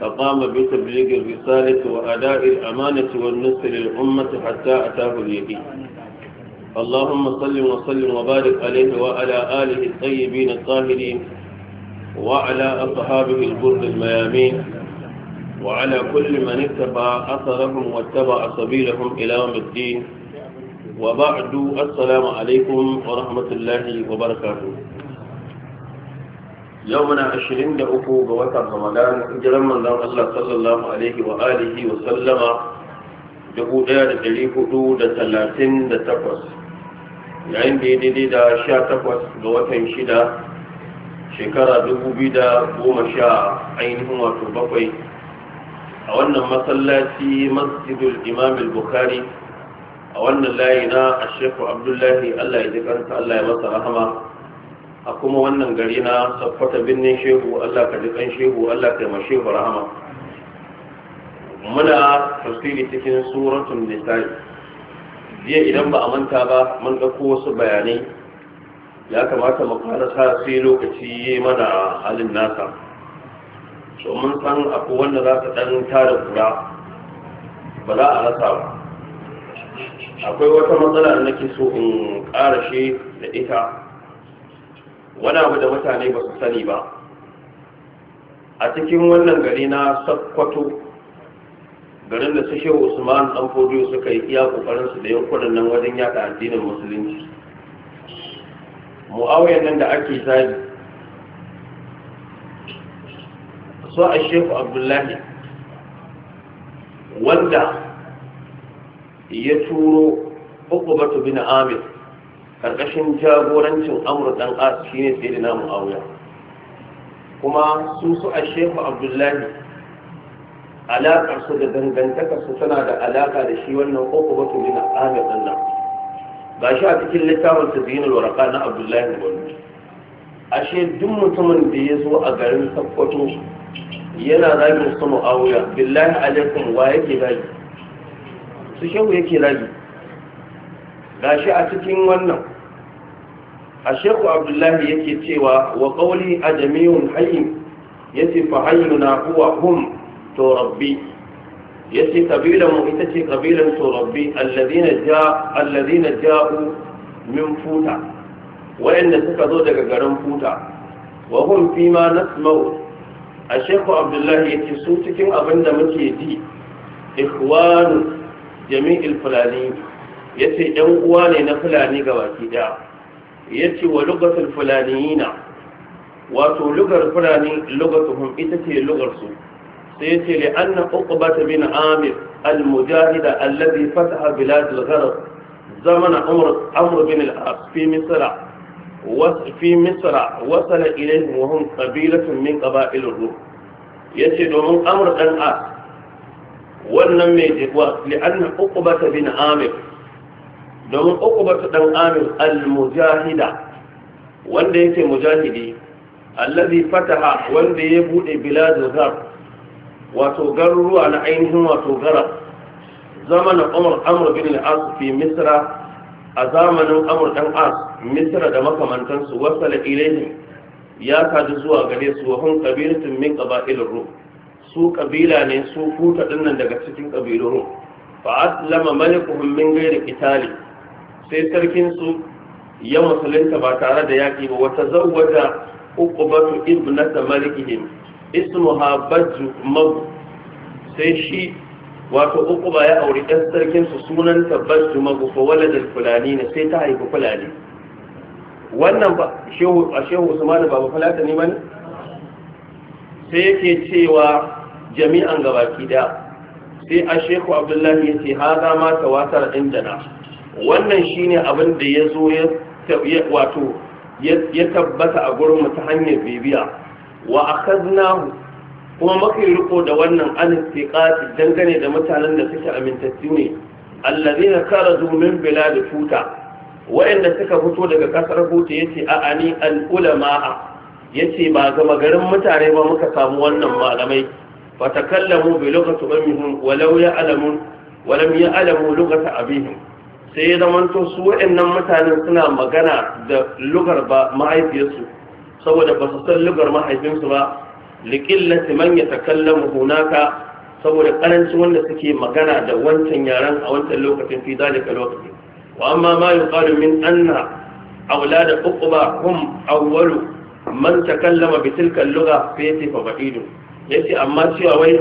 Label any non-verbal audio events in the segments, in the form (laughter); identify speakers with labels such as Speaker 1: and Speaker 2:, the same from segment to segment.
Speaker 1: فقام بتبليغ الرسالة وأداء الأمانة والنصر للأمة حتى أتاه اليقين اللهم صل وسلم وبارك عليه وعلى آله الطيبين الطاهرين وعلى أصحابه البر الميامين وعلى كل من اتبع أثرهم واتبع سبيلهم إلى يوم الدين وبعد السلام عليكم ورحمة الله وبركاته yau muna ashirin da uku ga watan ramadan hijiran manzon Allah sallallahu alaihi wa alihi wa sallama dubu ɗaya da ɗari hudu da talatin da takwas yayin daidai da sha takwas ga watan shida shekara dubu biyu da goma sha ainihin wato bakwai a wannan masallaci masjidul imamil bukhari a wannan layi na ashefu abdullahi Allah ya Allah masa a kuma wannan gari na saffata birnin shehu Allah ka ji shehu Allah ka yi shehu rahama muna tafsiri cikin suratun nisa'i jiya idan ba a manta ba mun ɗauko wasu bayanai ya kamata mu sa sai lokaci yi mana halin nasa so mun san akwai wanda za ta ɗan tada kura ba za a rasa ba akwai wata matsala da nake so in ƙara shi da ita wani abu da mutane ba su sani ba a cikin wannan gari na sakkwato garin da su usman dan fodiyo suka yi iya kokarinsu da yankunan nan wajen yada addinin musulunci mu'awiyar nan da ake zagi so a shehu abdullahi wanda ya turo ukubatu bin amir karkashin jagorancin amur dan as shine sai da namu auya kuma su su a shehu abdullahi alaƙar su da dangantakarsu su tana da alaƙa da shi wannan koko batu bin ahmed din nan Ba shi a cikin littafin zinar warqa na abdullahi wani ashe duk mutumin da ya zo a garin sakkwato yana zagin su mu'awiya billahi alaikum wa yake zagi su shehu yake zagi gashi a cikin wannan a shekku abdullahi yake cewa wa ƙauli a jami'un hayin ya ce fa hayyuna huwa hum to rabbi ya ce ƙabilan mu ita ce ƙabilan to rabbi allazina ja'u min futa wayanda suka zo daga garin futa wa fi ma nasma'u a shekku abdullahi ya ce su cikin abinda muke ji ikhwanu jami'il fulani ya ce ‘yan uwa ne na fulani ga baki ɗaya ya ce wa fulani fulaniyina wato lugar fulani lugatuhum ita ce lugarsu sai ya ce li'anna uqbata bin amir al-mujahida allazi fataha bilad al-gharb zaman amr amr bin al-as fi misr fi misr wasala ilayhim wa hum min qaba'il ar ya ce domin amr dan as wannan mai jikwa li'anna uqbata bin amir domin uqbatu dan Amin al-mujahida wanda yake mujahidi allazi fataha wanda ya bude biladu zar wato garuruwa na ainihin wato gara zamanin umar amr bin al fi misra a zamanin amur dan as misra da makamantansu wasala ilaihim ya sadu zuwa gare su wahun qabilatun min qaba'il rum su kabila ne su huta ɗinnan daga cikin kabilun rum fa aslama malikuhum min ghairi sai sarkinsu ya musulunta ba tare da yaƙi ba wata zawwada uqbatu ibnata malikihim ismuha bajju mab sai shi wato uqba ya auri ɗan sarkinsu sunanta bajju mab fa waladul fulani ne sai ta haifi fulani wannan ba shehu a shehu usman ba ba fulata ne bane sai yake cewa jami'an gabaki da sai a shehu abdullahi ya ce haza ma tawatar indana wannan shine abin da ya zo wato ya tabbata a gurin ta hanyar bibiya wa akhadnahu kuma muka yi riko da wannan anistiqati dangane da mutanen da suke amintattu ne kara kharaju bila da tuta wa'anda suka fito daga kasar ya ce a ni al Ya yace ba gama garin mutane ba muka samu wannan malamai fatakallamu bi lughati ummihim walau ya'lamun walam ya'lamu lughata sai ya zamanto su waɗannan mutanen suna magana da lugar ba mahaifiyarsu saboda ba su san lugar mahaifinsu ba likillati man ya takallamu hunaka saboda ƙaranci wanda suke magana da wancan yaren a wancan lokacin fi zalika lokacin wa amma ma yuqalu min anna awlad uqba hum awwalu man takallama bi tilka al-lugha fa yati yace amma cewa wai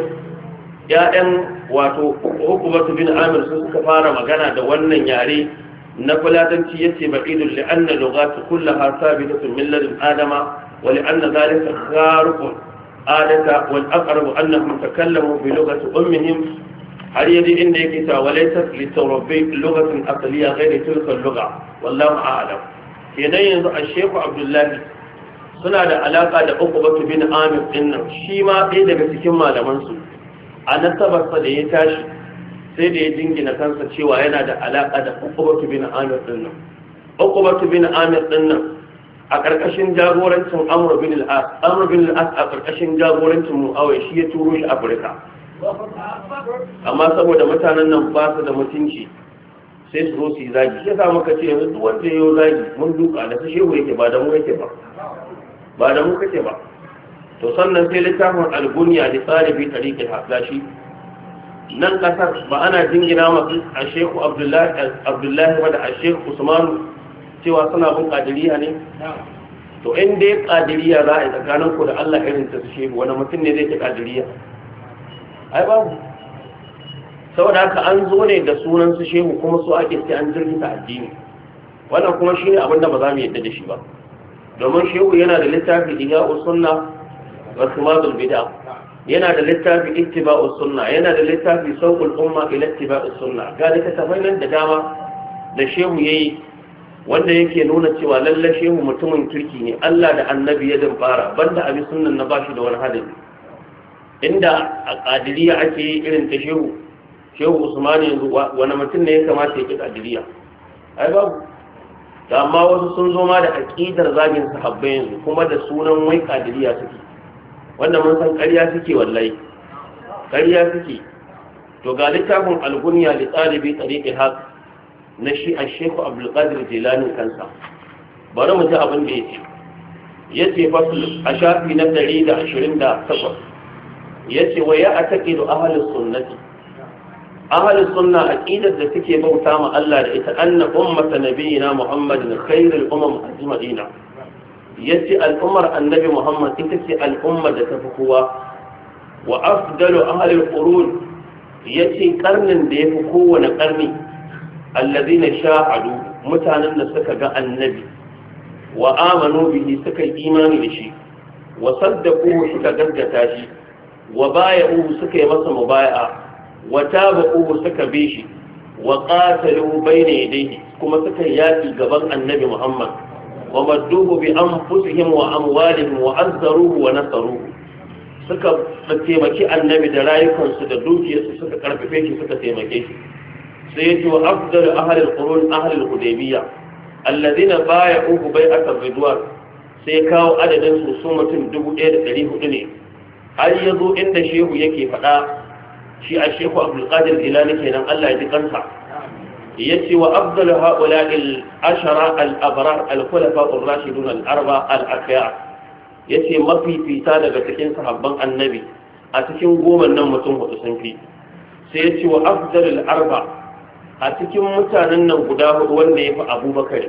Speaker 1: ya'yan wato hukumatu bin amir sun suka fara magana da wannan yare na fulatanci yace ba'idul li'anna lughatu kullaha sabitatun min ladun adama wa li'anna dhalika kharuqun adata wal aqrabu annahum takallamu bi lughati ummihim har yadi inda yake ta walaysat li tawrabi lughatun Asaliya, ghayr tilka al-lugha wallahu a'lam kenan yanzu a shehu abdullahi suna da alaka da uku bin amir din nan shi ma ɗaya daga cikin malamansu. a nasabarsa da ya tashi sai da ya jingina kansa cewa yana da alaƙa da ukubatu bin amir din nan ukubatu bin amir ɗin nan a ƙarƙashin jagorancin Amurbin bin bin a ƙarƙashin jagorancin Mu'awai shi ya turo shi afirka amma saboda mutanen nan ba su da mutunci sai su zo su yi zagi ya sa muka ce yanzu duk wanda ya yi zagi mun duka da su shehu yake ba da mu yake ba ba da mu kake ba to sannan sai littafin algunya da tsaribi tariqil haflashi nan kasar ba ana jingina masu a shehu abdullahi wadda a shehu usmanu cewa suna bin kadiriya ne to in dai kadiriya za a yi tsakanin ku da allah irin ta su shehu wani mutum ne zai ke kadiriya ai babu saboda haka an zo ne da sunan su shehu kuma su ake sai an jirgin ta addini wannan kuma shine abin da ba za mu yadda da shi ba domin shehu yana da littafi iya usunna rasmadul bid'a yana da littafi ittiba'us sunna yana da littafi sauqul umma ila sunna ga da tafailan da dama da shehu yayi wanda yake nuna cewa lalle shehu mutumin kirki ne Allah da annabi ya fara banda abin sunnan na bashi da wani hadari inda a qadiriya ake irin ta shehu shehu usman yanzu wani mutum ne ya kamata ya ki qadiriya ai babu da amma wasu sun zo ma da aqidar zagin sahabbai yanzu kuma da sunan wai qadiriya suke wanda mun san ƙarya suke wallai, ƙarya suke to ga littafin algunya li talibi tariqi haq na shi a sheku abdulkadir jilani kansa bari mu ji abin da ya ce ya ce fasul a shafi na ɗari da ashirin da takwas ya ce wa ya a taƙi da ahalin sunnati ahalin sunna ƙidar da suke bauta ma Allah da ita anna ummata nabiyina muhammadin khairul umam ajma'ina yace al'ummar annabi muhammad ita ce al'ummar da tafi kowa wa afdalu ahli al-qurun yace karnin da yafi kowane karni allazina sha'adu mutanen da suka ga annabi wa amanu bihi suka yi imani da shi wa saddaquhu suka gaggata shi wa baya'uhu suka yi masa mubaya wa taba'uhu suka bi shi wa qatalu bayna yadayhi kuma suka yaki gaban annabi muhammad an بأنفسهم وأموالهم وأزروه ونصروه suka taimaki annabi da rayukansu da dukiyarsu suka karfafe shi suka taimake shi sai ya ce wa afdal ahlul qurun ahlul hudaybiyya alladhina bay'u bai'at ar-ridwan sai kawo adadin su su mutum 1400 ne har yazo inda shehu yake faɗa. shi a shehu abdul qadir ilani kenan Allah ya ji kansa yace wa afdalu haula'i al-ashara al-abrar al-khulafa ar-rashidun al-arba al-akhyar yace mafifita daga cikin sahabban annabi a cikin goma nan mutum hudu sun fi sai yace wa afdalu al-arba a cikin mutanen nan guda hudu wanda yafi abubakar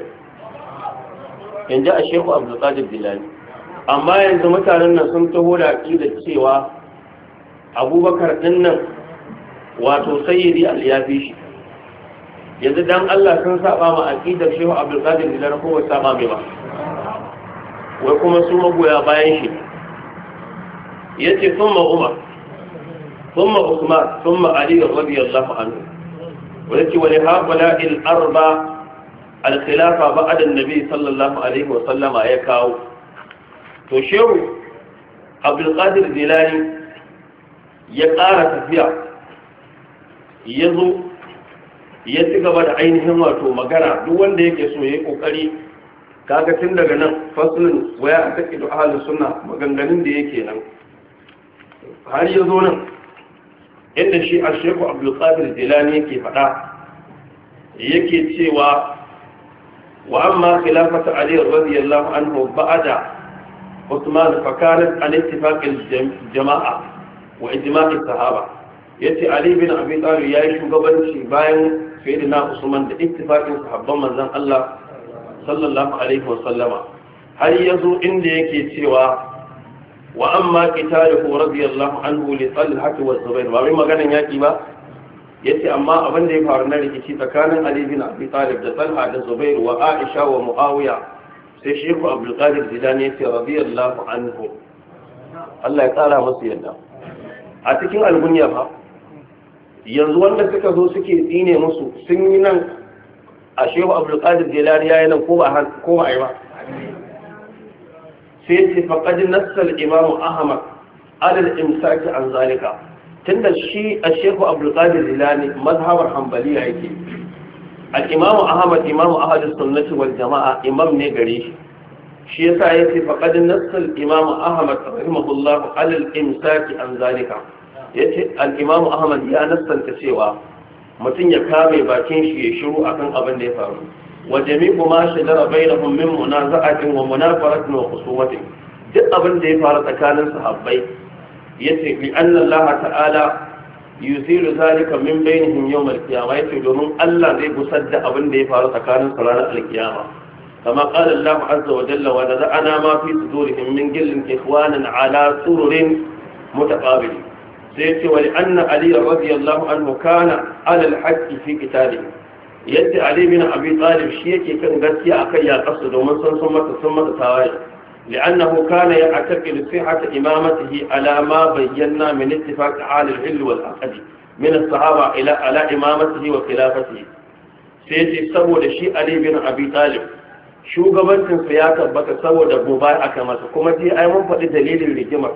Speaker 1: yanzu a shehu abdulkadir bilali amma yanzu mutanen nan sun taho da aƙida cewa abubakar ɗin nan wato sayyidi al-yafi shi yanzu dan Allah sun saba ma aqidar Shehu Abdul Qadir Jilani ko ba saba mai ba wai kuma su magoya bayan shi yace thumma Umar thumma Uthman thumma Ali radiyallahu anhu wai ce wani haƙula al-arba al-khilafa ba'da an-nabi sallallahu alaihi wa sallama ya kawo to Shehu Abdul Qadir Jilani ya ƙara tafiya ya zo ya ci gaba da ainihin wato magana duk wanda yake so yi kokari kaga tun daga nan faslun waya a take da suna sunna maganganun da yake nan har ya zo nan inda shi a shekku abdulkadir jilani yake faɗa yake cewa wa amma khilafata ali radiyallahu anhu ba'ada usman fa kanat al ittifaq al jama'a wa ijma' al sahaba yace ali bin abi talib yayi shugabanci bayan sayyidina Usman da ittifaqin sahabban manzon Allah sallallahu alaihi wasallama har yazo inda yake cewa wa amma qitaluhu radiyallahu anhu li Talha wa Zubair ba mai maganan yaki ba yace amma abin da ya faru na rikici tsakanin Ali bin Abi Talib da Talha da Zubair wa Aisha wa Muawiya sai shehu Abdul Qadir Jilani yace radiyallahu anhu Allah ya tsara masa yadda a cikin algunya ba. yanzu wanda suka zo suke tsine musu sun yi nan a shehu abdulkadir jelani ya yi nan ko ba a yi ba sai ce faƙaji nassar imamu ahmad adal imsaki an zalika tunda shi a shehu abdulkadir jelani mazhabar hambaliya yake A imamu ahmad imamu ahadus sunnati wal jama'a imam ne gare shi shi yasa yace faqad Nassar imamu ahmad rahimahullah alal imsaki an zalika yace al Al'imam ahmad ya nassanta cewa mutum ya kame bakin shi ya shiru akan abin da ya faru wa jami'u ma shajara bainahum min munaza'atin wa munafaratin wa khusumatin duk abin da ya faru tsakanin sahabbai yace bi anna Allah ta'ala yuzilu zalika min bainihim yawm al Ya ce domin Allah zai gusar da abin da ya faru tsakanin su ranar alkiyama qiyama kama qala Allah azza wa jalla wa nada'ana ma fi sudurihim min gillin ikhwanan ala sururin mutaqabilin sai ce wani anna ali radiyallahu anhu kana alal haqqi fi qitali yadda ali bin abi talib shi yake kan gaskiya akan yaƙarsu domin san sun mata sun mata tawaye لأنه كان يعتقد صحة إمامته على ما بينا من اتفاق أهل العلم والعقد من الصحابة إلى على إمامته وخلافته سيتي سبو لشيء علي بن أبي طالب شو قبلت في سياقة بك سبو لبوباي أكمل كما تي أي من فقد دليل الرجمة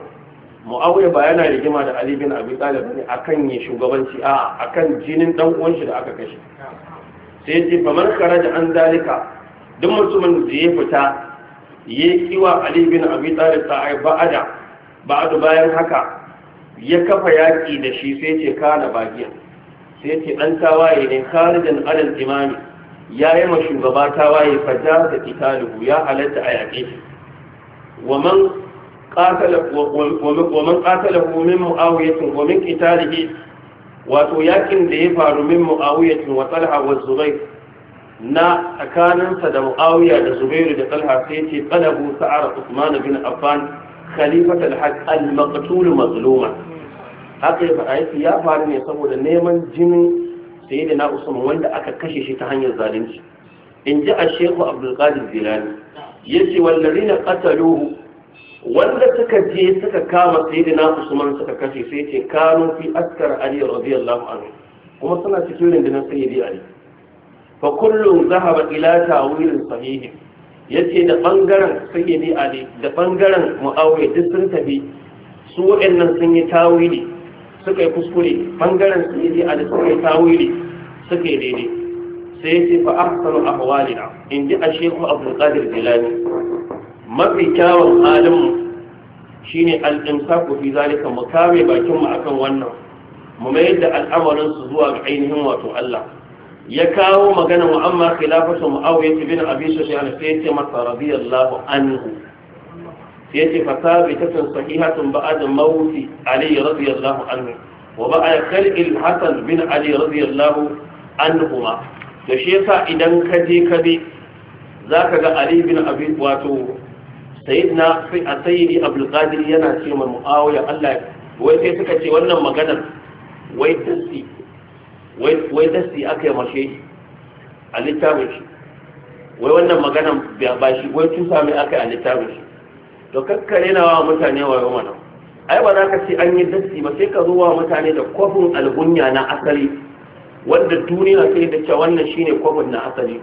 Speaker 1: muawiya ba yana rigima da ali bin abi talib ne akan yi shugabanci a akan jinin dan uwan shi da aka kashe sai yace man kharaja an dalika duk mutumin da ya fita ya kiwa ali bin abi talib ta ai ba'ada ba'adu bayan haka ya kafa yaki da shi sai ce kana bagiya sai yace dan tawaye ne kharijan alal imami ya yi ma shugaba tawaye fata da kitalu ya halatta a yaƙe shi wa man قاتل ومن قاتله من معاوية ومن قتاله wato yakin da ya faru min mu'awiyatin wa talha wa zubair na tsakaninsa da mu'awiya da zubairu da talha sai ce qalabu sa'ar usman bin affan khalifat al-haq al-maqtul haka ya faɗa ya faru ne saboda neman jinin sayyidina usman wanda aka kashe shi ta hanyar zalunci in ji a shehu abdul qadir jilani yace wallazina qataluhu wanda suka je suka kama sayyidina usman suka kashe sai ce kanu fi askar ali radiyallahu anhu kuma suna cikin rundunar sayyidi ali fa kullum zahaba ila tawilin sahihi yace da bangaren sayyidi ali da bangaren muawiya duk sun tafi su waɗannan sun yi tawili suka yi kuskure bangaren sayyidi ali suka yi tawili suka yi daidai sai yace fa ahsanu ahwalina inji a shehu abdul qadir jilani mafi kyawun halin shine al-imsaku fi zalika mu kame bakin mu akan wannan mu mayar da al'amarin su zuwa ga ainihin wato Allah ya kawo magana mu, amma khilafatu muawiya bin abi sufyan sai yace masa radiyallahu anhu yace fa sabitatun sahihatun ba'da mawti ali radiyallahu anhu wa ba'a khalil hasan bin ali radiyallahu ma. to shi yasa idan ka je ka bi zaka ga ali bin abi wato sayyidina sayyidi abdul qadir yana ce ma muawiya Allah wai sai suka ce wannan maganar wai dasi wai wai dasi aka yi mashe a littafin shi wai wannan maganar ba shi wai tusa mai aka yi a littafin shi to kakkare na wa mutane wa yau nan ai ba za ka ce an yi dasi ba sai ka zo wa mutane da kofin algunya na asali wanda duniya sai da cewa wannan shine kofin na asali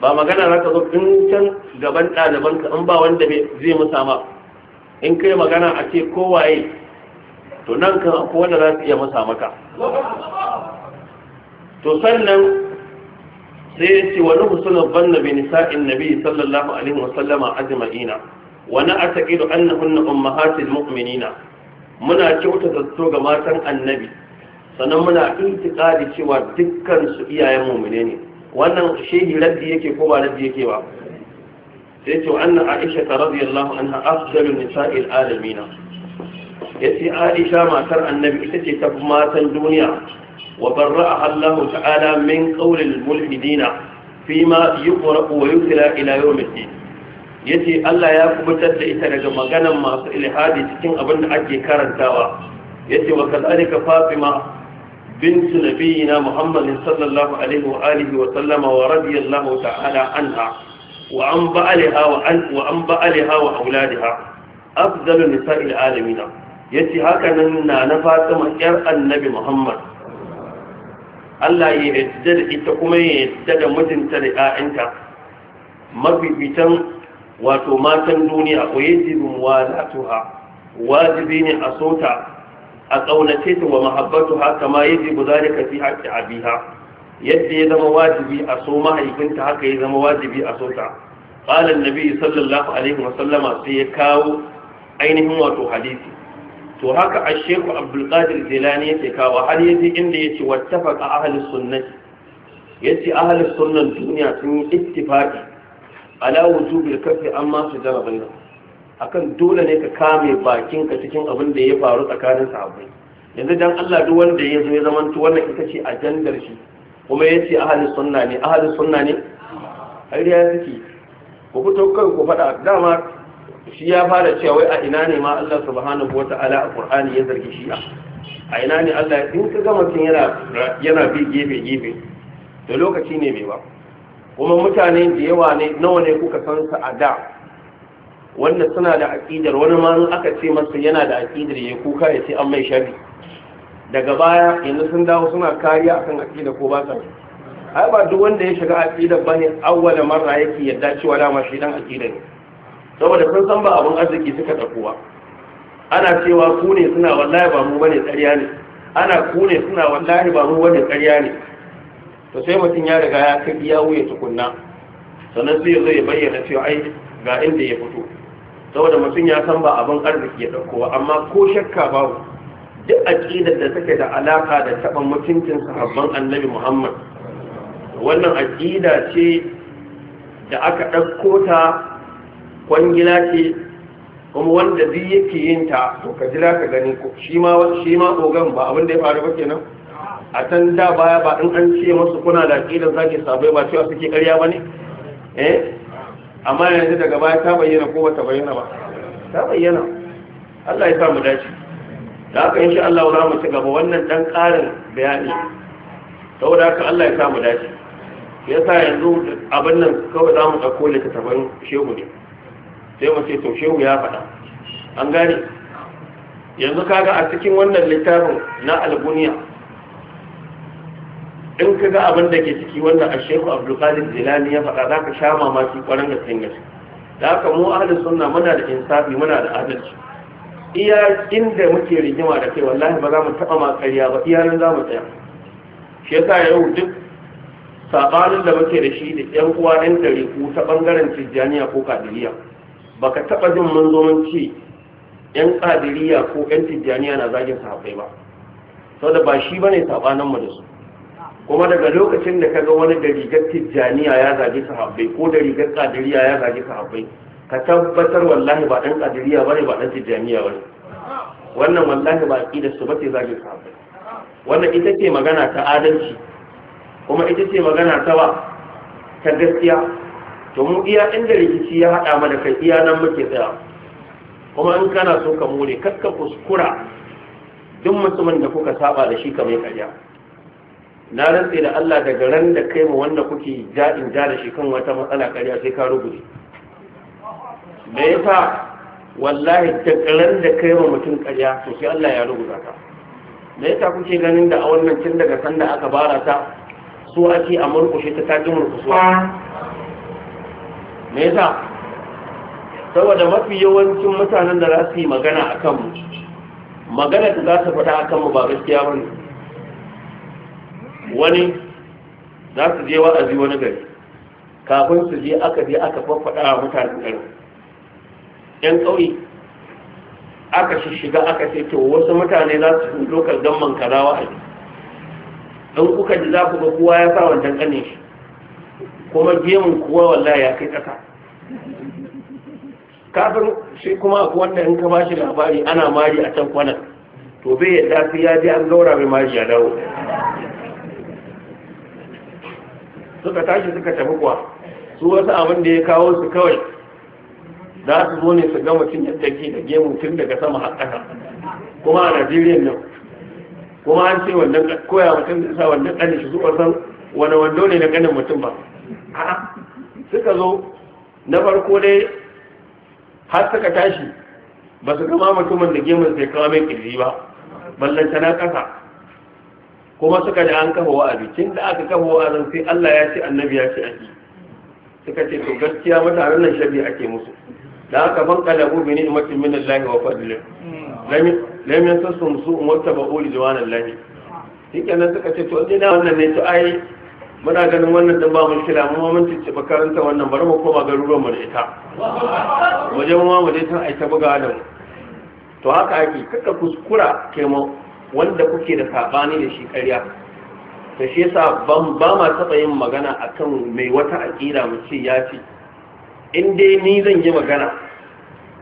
Speaker 1: ba magana za ka zo in can gaban ɗaliban ka in ba wanda zai musa ma in kai magana a ce kowaye to nan kan akwai wanda za su iya musa maka to sannan sai ya ce wani husunan banna bi nisa'in nabi sallallahu alaihi wasallama ajma'ina wani ataqidu annahunna ummahatil mu'minina muna kyautata to ga matan annabi sannan muna intiqadi cewa dukkan su iyayen mu'mine ne wannan shehi raddi yake ko ba raddi yake ba sai ce anna aisha ta radiyallahu anha afdalun nisa'il alamin yace aisha matar annabi ita ce ta matan duniya wa a Allah ta'ala min qawlil mulhidina fima yuqra'u wa yutla ila Ya yace Allah ya kubutar da ita daga maganan masu ilhadi cikin abin da ake karantawa yace wa kadhalika fatima بنت نبينا محمد صلى الله عليه وآله وسلم ورضي الله تعالى عنها وعن بعلها وعن وعن بعلها وأولادها أفضل نساء العالمين يتي هكذا نفاتم ير النبي محمد Allah ya yadda da ita kuma ya yadda da mutunta da ‘ya'yanta mafifitan wato matan duniya ko yadda bin wazatuha wajibi ne a sota a ƙaunace ta wa mahabbatuha kama yajibu zalika fi haqqi abiha yadda ya zama wajibi a so mahaifinta haka ya zama wajibi a so ta qala annabi sallallahu alaihi wa sai ya kawo ainihin wato hadisi to haka a shaykh abdulkadir qadir ya yake kawo har yaji inda yace wattafaqa ahlus sunnati yace ahlus sunnan duniya sun yi ittifaƙi ala wujubil kafi amma su jara bainahum akan dole ne ka kame bakinka cikin abin da ya faru tsakanin sahabbai yanzu dan Allah duk wanda ya zo ya zama wannan ita ce ajandar shi kuma ya ce ahli sunna ne ahli sunna ne ai da yake ku fito kai ku faɗa dama shi ya fara cewa wai a ina ne ma Allah subhanahu wata'ala a Qur'ani ya zargi shi a ina ne Allah in ka gama kin yana yana bi gefe gefe da lokaci ne mai ba kuma mutane da yawa ne nawa ne kuka san sa a da wanda suna da aƙidar wani ma aka ce masa yana da aƙidar ya kuka ya ce an mai shari daga baya yanzu sun dawo suna kariya akan aƙida ko ba ai ba duk wanda ya shiga aƙidar bane awwala marra yake yadda cewa dama shi dan aƙida saboda sun san ba abun arziki suka dakuwa ba ana cewa ku ne suna wallahi ba mu bane ƙarya ne ana ku ne suna wallahi ba mu bane ƙarya ne to sai mutum ya riga ya kai ya wuya tukunna sannan sai ya bayyana cewa ai ga inda ya fito saboda mutum ya san ba abin arziki ya ɗauko amma ko shakka babu duk aƙidar da take da alaka da taɓa mutuncin sahabban annabi muhammad wannan aƙida ce da aka ɗauko ta kwangila ce kuma wanda zai yake yin ta to ka jira ka gani shi ma shi ma ogan ba abin da ya faru ba kenan a can da baya ba in an ce masu kuna da aƙidar zaki sabai ba cewa suke ƙarya ba ne eh? amma yanzu daga baya ta bayyana ko ba ta bayyana ba ta bayyana Allah ya sa mu dace da haka insha Allah za mu ci gaba wannan dan karin bayani saboda haka Allah ya samu dace ya yasa yanzu abin nan kawai za mu ɗauko littattafan shehu ne sai mu ce to shehu ya faɗa an gane yanzu kaga a cikin wannan littafin na albuniya. in ka ga abin da ke ciki wanda a shehu abdulkadir jilani ya faɗa za ka sha mamaki ƙwarar gaske gaske da haka mu ahalin sunna muna da insafi muna da adalci iya inda muke rigima da kai wallahi ba za mu taɓa ma ƙarya ba iya nan za mu tsaya shi yasa yau duk saɓanin da muke da shi da ƴan uwa dare ku ta ɓangaren tijjaniya ko kadiriya baka taɓa jin mun zo mun ce ƴan kadiriya ko ƴan tijjaniya na zagin sahabbai ba saboda ba shi bane sabanin mu da su kuma daga lokacin da kaga wani da rigar tijjaniya ya zagi sahabbai ko da rigar kadiriya ya zagi sahabbai ka tabbatar wallahi ba dan kadiriya bane ba dan tijjaniya bane wannan wallahi ba da su bace zagi sahabbai wannan ita ce magana ta adalci kuma ita ce magana ta ba ta gaskiya to mu iya inda rikici ya hada mana kai iya nan muke tsaya kuma in kana so ka more kakka kuskura duk mutumin da kuka saba da shi kamar karya na rantse da Allah daga ran da kai mu wanda kuke ja'in ja da shi kan wata matsala ƙarya sai ka rubuce Me ya wallahi daga ran da kai mu mutum ƙarya to sai Allah ya rubuta ka me ya kuke ganin da a wannan tun daga sanda aka bara ta su ake a murƙushe ta tajin murƙusuwa me yasa saboda mafi yawancin mutanen da za su yi magana a kanmu magana da za su faɗa a kanmu ba gaskiya ba ne wani za su je wa'azi wani gari kafin su je aka je aka faffaɗa a mutane ɗari yan ƙauye aka shiga aka ce to wasu mutane za su fi lokal gamman kaza wa'azi in kuka ji za ku ga kowa ya sa wancan ƙanin shi kuma gemun kowa wallah ya kai ƙasa kafin shi kuma akwai wanda in ka ba shi labari ana mari a can kwanan to bai yadda sai ya je an gaura mai mari ya dawo suka tashi suka tafi kuwa su wasu abin da ya kawo su kawai za su zo ne su ga mutum yadda ke da gemu tun daga sama har kuma a najeriya nan kuma an ce wannan koya mutum da sa wannan ƙani shi zuwa san wani wando ne na ganin mutum ba a'a suka zo na farko dai har suka tashi ba su gama mutumin da gemun sai kawo mai ƙirji ba ballanta na ƙasa kuma suka ji an kafa wa'azi kin da aka kafa wa'azi sai Allah ya ce annabi ya ce ake suka ce to gaskiya mutanen nan shabi ake musu da aka ban kalabu bi ummatin min Allah wa fadlin lam yantasum su'un wa ba uli jawan Allah shikenan suka ce to ina wannan ne to ai muna ganin wannan dan ba mushkila mu mun cice karanta wannan bari mu koma garuruwan mu da ita wajen mu mu dai tan ai ta buga da mu to haka ake kaka kuskura kai mu wanda kuke da sabani da shi karya, ta shi yasa ban ba ma taɓa yin magana akan mai wata aƙida mu ce ya ce in dai ni zan yi magana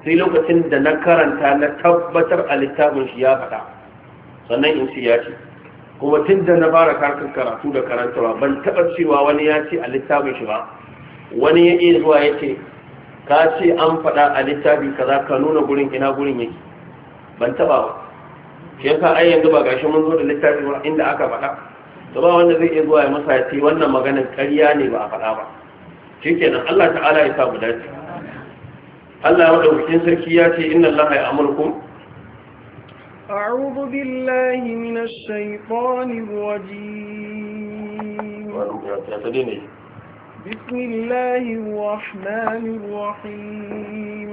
Speaker 1: sai lokacin da na karanta na tabbatar a littafin shi ya faɗa sannan in ce ya ce kuma tun da na fara karkar karatu da karantawa ban taɓa cewa wani ya ce a littafin shi ba wani ya iya zuwa ya ce ka ce an faɗa a littafi kaza ka nuna gurin ina gurin yake ban taɓa ba shi yasa ai yanzu ba gashi mun zo da littafi ba inda aka faɗa to ba wanda zai iya zuwa ya masa yace wannan maganin ƙarya ne ba a faɗa ba kenan Allah ta'ala ya sa dace Allah ya madaukakin sarki ya ce inna Allah ya amurkum أعوذ بالله من الشيطان الرجيم
Speaker 2: بسم الله الرحمن الرحيم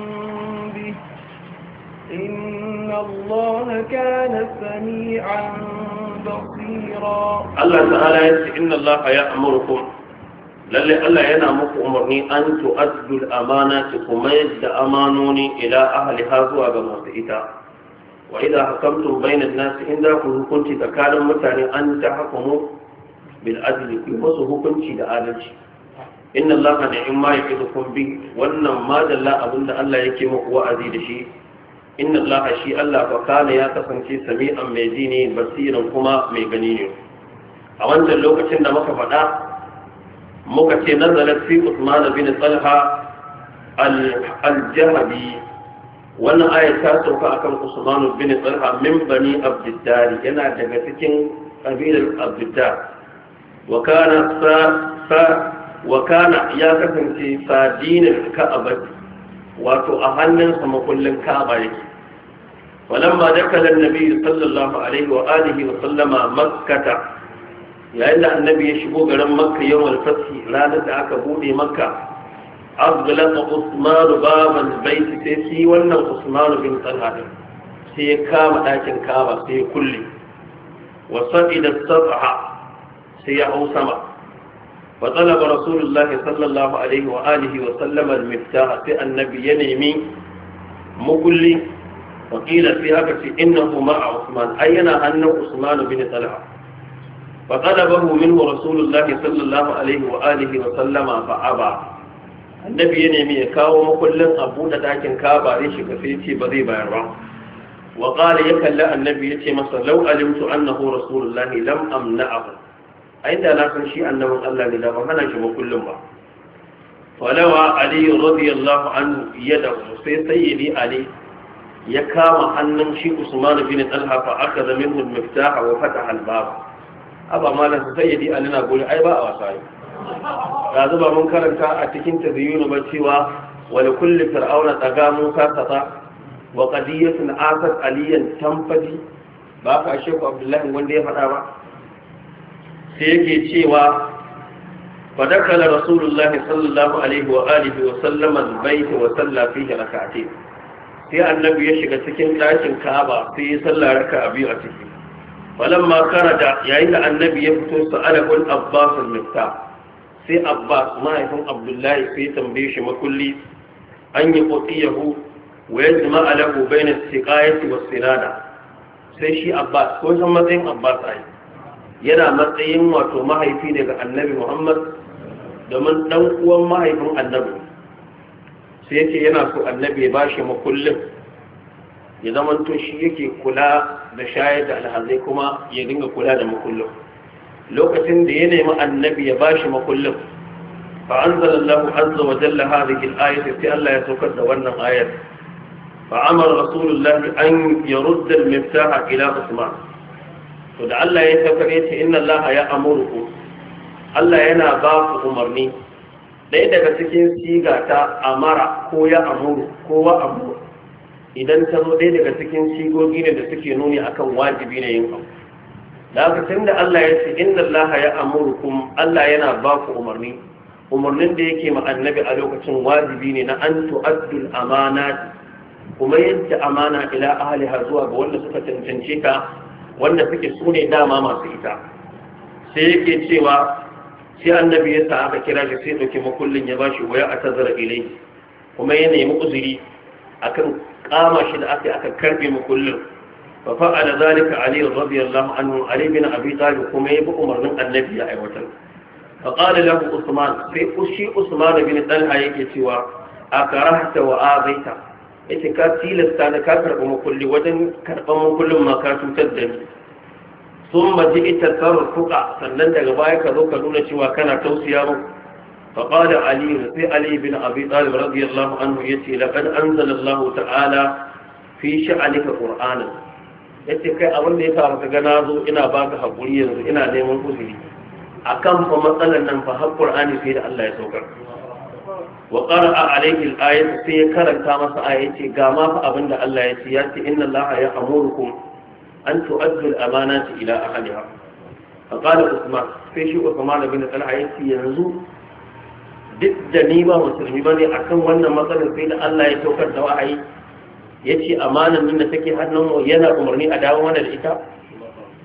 Speaker 1: إن الله كان سميعا بصيرا الله تعالى إن الله يأمركم Allah yana muku umarni an to asdul amana ki kuma yadda amanoni ila ahli ha zuwa ga masu ita wa idza hakamtum bayna an-nas inda ku hukunci tsakanin mutane an ta hakamu bil adli ku wasu hukunci da adalci inna Allah ne in ma yake hukumbi wannan ma dalla abinda Allah yake muku wa'azi da shi inna Allah shi Allah fa kana ya kasance sami'an mai ji ne basiran kuma mai gani ne a wancan lokacin da muka faɗa muka ce nazalat fi Usman bin Talha al-Jahabi wannan aya ta sauka akan Usman bin Talha min bani Abdiddar yana daga cikin kabilar Abdiddar wa kana sa wakana ya kasance sadinin ka'aba wato a hannunsa makullin ka'aba yake ولما دخل النبي صلى الله عليه وآله وسلم مكة yayin da annabi ya shigo garin makka yau alfasi ranar da aka bude maka. azgalata usmanu baban baiti sai shi wannan usmanu bin talha din sai ya kama ɗakin kaba sai ya kulle wa sa'ida sabha sai ya hau sama wa talaba rasulullahi sallallahu wa wa sai annabi ya nemi mukulli wakilar sai aka ce inna kuma a usman yana hannun usman bin talha fa talaba hu min wa sallallahu alaihi wa alihi sallama fa aba annabi ya nemi ya kawo makullin a buɗe dakin kaba ne shi kafe ce ba zai bayar ba wa ya kalli annabi ya ce masa law alimtu annahu rasulullah lam amna'ahu ai da na san shi annabin Allah ne da ba hana shi makullin ba falawa ali radiyallahu anhu yadahu sai sayyidi ali ya kama hannun shi usman bin talha fa aka zama minhu miftaha wa fataha al-bab aba malan sayyidi alina guri ai ba a wasa ga zuba mun karanta a cikin tazyinu ba cewa wal kulli fir'auna tagamu kasata wa qadiyatun asat aliyan tamfadi ba ka sheku abdullahi wanda ya faɗa ba sai yake cewa fadakala rasulullahi sallallahu alaihi wa alihi wa sallama al-bayt wa salla fihi rak'atayn sai annabi ya shiga cikin ɗakin kaba sai ya sallah raka biyu a ciki falan ma da yayin da annabi ya fito su alakun abbas Mista. sai abbas mahaifin abdullahi sai tambaye shi makulli an yi yahu wa ya zama bai na siƙayati wa sinada sai shi abbas ko san matsayin abbas ai yana matsayin wato mahaifi daga annabi muhammad domin ɗan uwan mahaifin annabi sai yake yana so annabi ya bashi makullin ya zama to shi yake kula da shayar da alhazai kuma ya dinga kula da makullin lokacin da ya nemi annabi ya bashi makullin fa anzalallahu azza wa jalla hadhihi al-ayat sai Allah ya saukar da wannan ayar fa amara rasulullahi an yurda al-miftaha ila usman to da Allah ya saukar yace inna Allah ya amuru Allah yana ba ku umarni ɗaya daga cikin siga ta amara ko ya amuru ko wa amuru idan ta zo ɗaya daga cikin sigogi ne da suke nuni akan wajibi na yin abu da haka tun da Allah ya ce inda Allah ya kuma Allah yana ba ku umarni umarnin da yake ma annabi a lokacin wajibi ne na an tu'addu amana kuma yadda amana ila ahliha zuwa ga wanda suka tantance ka wanda suke sune dama masu ita sai yake cewa sai annabi ya sa aka kira shi sai dauke makullin ya bashi waya a tazara ilai kuma ya nemi uzuri akan kama shi da aka aka karbe makullin fa fa'ala zalika ali radiyallahu anhu ali bin abi talib kuma ya bi umarnin annabi ya aiwatar fa qala lahu usman sai ushi usman bin talha yake cewa akarahta wa azaita yace ka tilasta da ka karba makulli wajen karban makullin ma ka cutar da ni sun maji ita tsarar fuka sannan daga baya ka zo ka nuna cewa kana tausiya mu فقال علي في علي بن أبي طالب رضي الله عنه يتي لقد ta'ala fi تعالى في yace kai abin da ya sa ka ga na zo ina baka hakuri yanzu ina neman kusuri akan fa matsalar nan fa har Qur'ani sai da Allah ya saukar wa qara'a alayhi al-ayat sai ya karanta masa ayace ga ma fa abin da Allah ya ce yace inna Allaha ya'murukum an tu'addu al-amanatu ila ahliha fa qala usman sai shi usman bin talha yanzu duk da ni ba musulmi bane akan wannan matsalar sai da Allah ya saukar da wahayi yace amanan nan da take hannun mu yana umarni a dawo mana da ita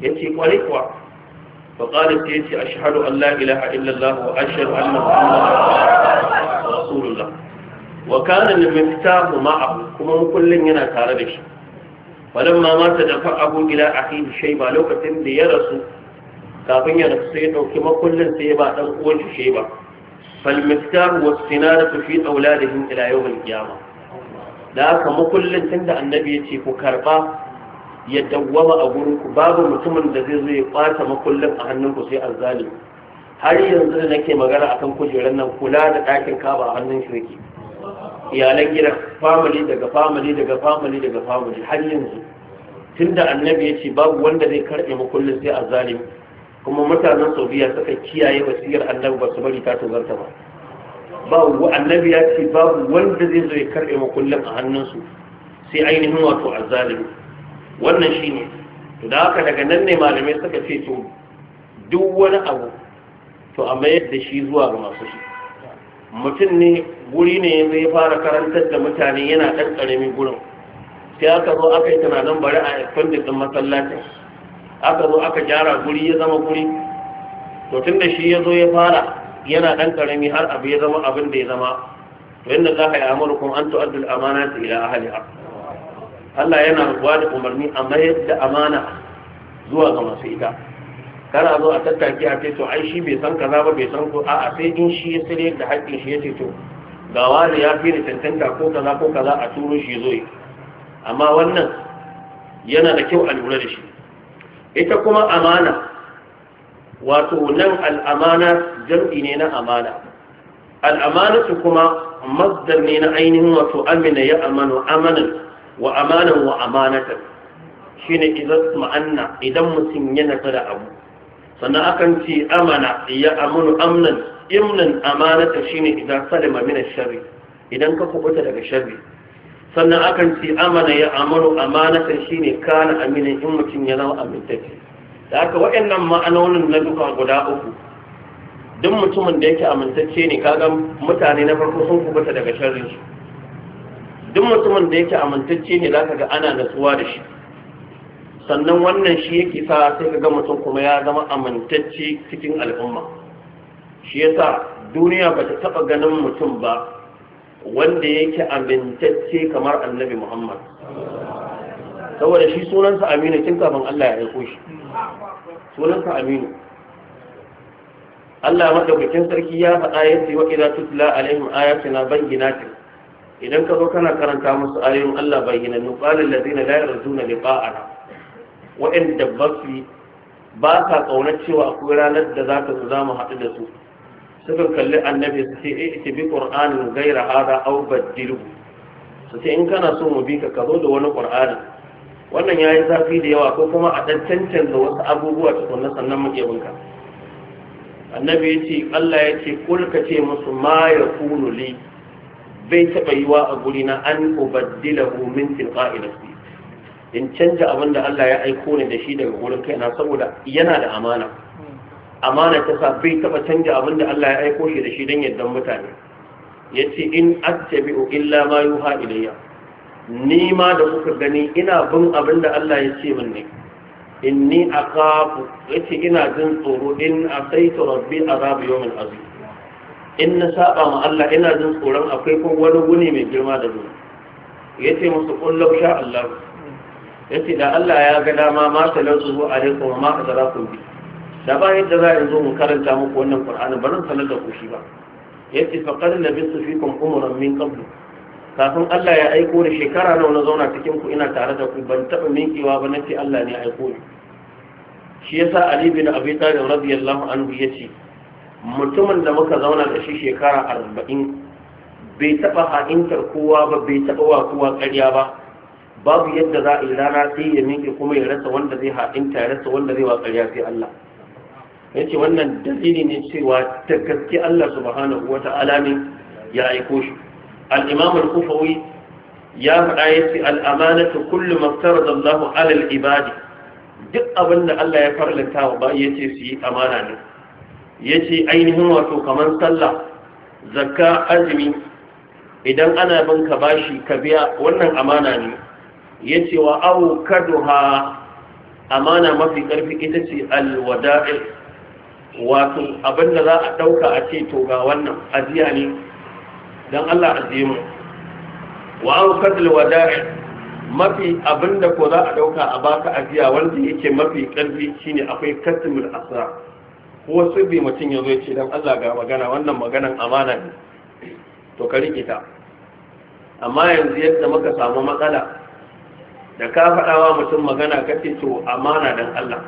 Speaker 1: yace kwarai kuwa fa qala sai yace ashhadu an la ilaha illa Allah wa ashhadu anna muhammadan rasulullah wa kana al-miftahu ma'ahu kuma kullun yana tare da shi falamma mata da abu ila akhihi shayba lokacin da ya rasu kafin ya rasu sai ya dauki makullin sai ya ba dan uwan shi shayba fal miftahu wa sinaratu fi auladihim ila yawm al qiyama da haka makullin tunda annabi ya ce ku karba ya dawwama a gurin ku babu mutumin da zai zo ya kwata makullin a hannunku, ku sai azzalimi har yanzu da nake magana akan kujerar nan kula da ɗakin kaba a hannun shi yake iyalan gida famali daga family daga family daga har yanzu tunda annabi ya ce babu wanda zai karɓe makullin sai a zalim kuma mutanen saudiya suka kiyaye wasiyar annabi ba su bari ta tozarta ba babu annabi ya ce babu wanda zai zo ya karɓe makullin a hannunsu sai ainihin wato a zalim wannan shine to da haka daga nan ne malamai suka ce to duk wani abu to amma yadda shi zuwa ga masu shi mutum ne guri ne yanzu ya fara karantar da mutane yana ɗan ƙarami gurin sai aka zo aka yi tunanin bari a fundin ɗin masallacin aka zo aka gyara guri ya zama guri to tun da shi ya zo ya fara yana ɗan ƙarami har abu ya zama abin da ya zama to yadda za ka yi kuma an tu'addul amana ta ila ahliha Allah yana rubuwa da umarni a mayar da amana zuwa ga masu ita kana zo a tattaki a ce to ai shi bai san kaza ba bai san ko a'a sai in shi ya sire da haƙƙin shi ya ce to ga wani ya fi ni tantanta ko kaza ko kaza a turo shi zo yi, amma wannan yana da kyau a lura da shi ita kuma amana wato nan al'amana jam'i ne na amana su kuma masdar ne na ainihin wato amina ya amanu amanan wa amanan wa amanatan shine idan ma'anna idan mutum yana da abu sannan akan ce amana ya amunu amnan imnan amanata shine idan salima min sharri idan ka kubuta daga sharri sannan akan ce amana ya aminu amanata shine kana aminin in mutum ya zama amintacce da haka waɗannan ma'anonin na duka guda uku duk mutumin da yake amintacce ne kaga mutane na farko sun kubuta daga sharri shi duk mutumin da yake amintacce ne zaka ga ana natsuwa da shi sannan wannan shi yake sa sai ka ga mutum kuma ya zama amintacce cikin al'umma shi yasa duniya ba ta taɓa ganin mutum ba wanda yake amintacce kamar annabi muhammad saboda shi sunansa aminu tun kafin allah ya aiko shi sunansa aminu allah maɗaukakin sarki ya faɗa ya ce wa idan tutula alaihim na bayyinatin idan ka zo kana karanta musu ayoyin allah bayyinannu qalil ladina la yarjuna liqa'ana waɗanda ba su ba ka ƙaunar cewa akwai ranar da za ka su za mu haɗu da su suka kalli annabi su ce eh ita bi qur'anin gaira hada aw baddilu su ce in kana so mu bi ka ka zo da wani ƙur'ani, wannan yayi zafi da yawa ko kuma a ɗan cancanza wasu abubuwa tukunna sannan mu binka annabi ya ce Allah ya ce kulka ce musu ma ya kunu li bai taɓa yiwa a guri na an ubaddilahu min tilqa'i su. in canja abin da Allah ya aiko ni da shi daga gurin kaina saboda yana da amana amana ta sa bai taba canja abin da Allah ya aiko shi da shi don yaddan mutane yace in attabi'u illa ma yuha ilayya ni ma da kuka gani ina bin abin da Allah ya ce min ne inni aqafu yace ina jin tsoro in asaitu rabbi azab yawmin azim in na saba ma Allah ina jin tsoron akwai ko wani wuni mai girma da duniya yace musu kullum sha Allah ya ce da Allah ya ga dama ma salatu alaikum wa ma ku bi da ba yadda za a zo mu karanta muku wannan qur'ani nan sanar da ku shi ba yace faqad labistu fikum umran min qablu kafin Allah ya aiko da shekara nawa na zauna cikin ku ina tare da ku ban taba minkewa ba nace Allah ne ya aiko ni shi yasa Ali bin Abi Talib radiyallahu anhu ya ce. mutumin da muka zauna da shi shekara arba'in, bai taba ha'intar kowa ba bai taba wa kowa ƙarya ba babu yadda za a yi rana sai ya miƙe kuma ya rasa wanda zai haɗinta ya rasa wanda zai watsar ya fi Allah ya ce wannan dalili ne cewa ta gaske Allah subhanahu wa ta'ala ne ya aiko shi al-imam al-kufawi ya faɗa ya ce al-amanatu kullu maftarada Allah ala al-ibadi duk abin da Allah ya farlanta wa ba ya ce su yi amana ne ya ce ainihin wato kamar sallah zakka azumi idan ana bin ka bashi ka biya wannan amana ne ya ce wa awu kaduha amana mafi ƙarfi ita ce alwada'il wato abinda za a ɗauka a ce to ga wannan aziya ne don Allah aziye mu wa awu kadul wada'il mafi abinda ko za a ɗauka a baka aziya wanda yake mafi ƙarfi shine akwai kasimul asra ko sirri mutum ya zo ya ce don Allah ga magana wannan maganan amana ne to ka rikita. amma yanzu yadda muka samu matsala da ka faɗawa mutum magana ce to amana dan Allah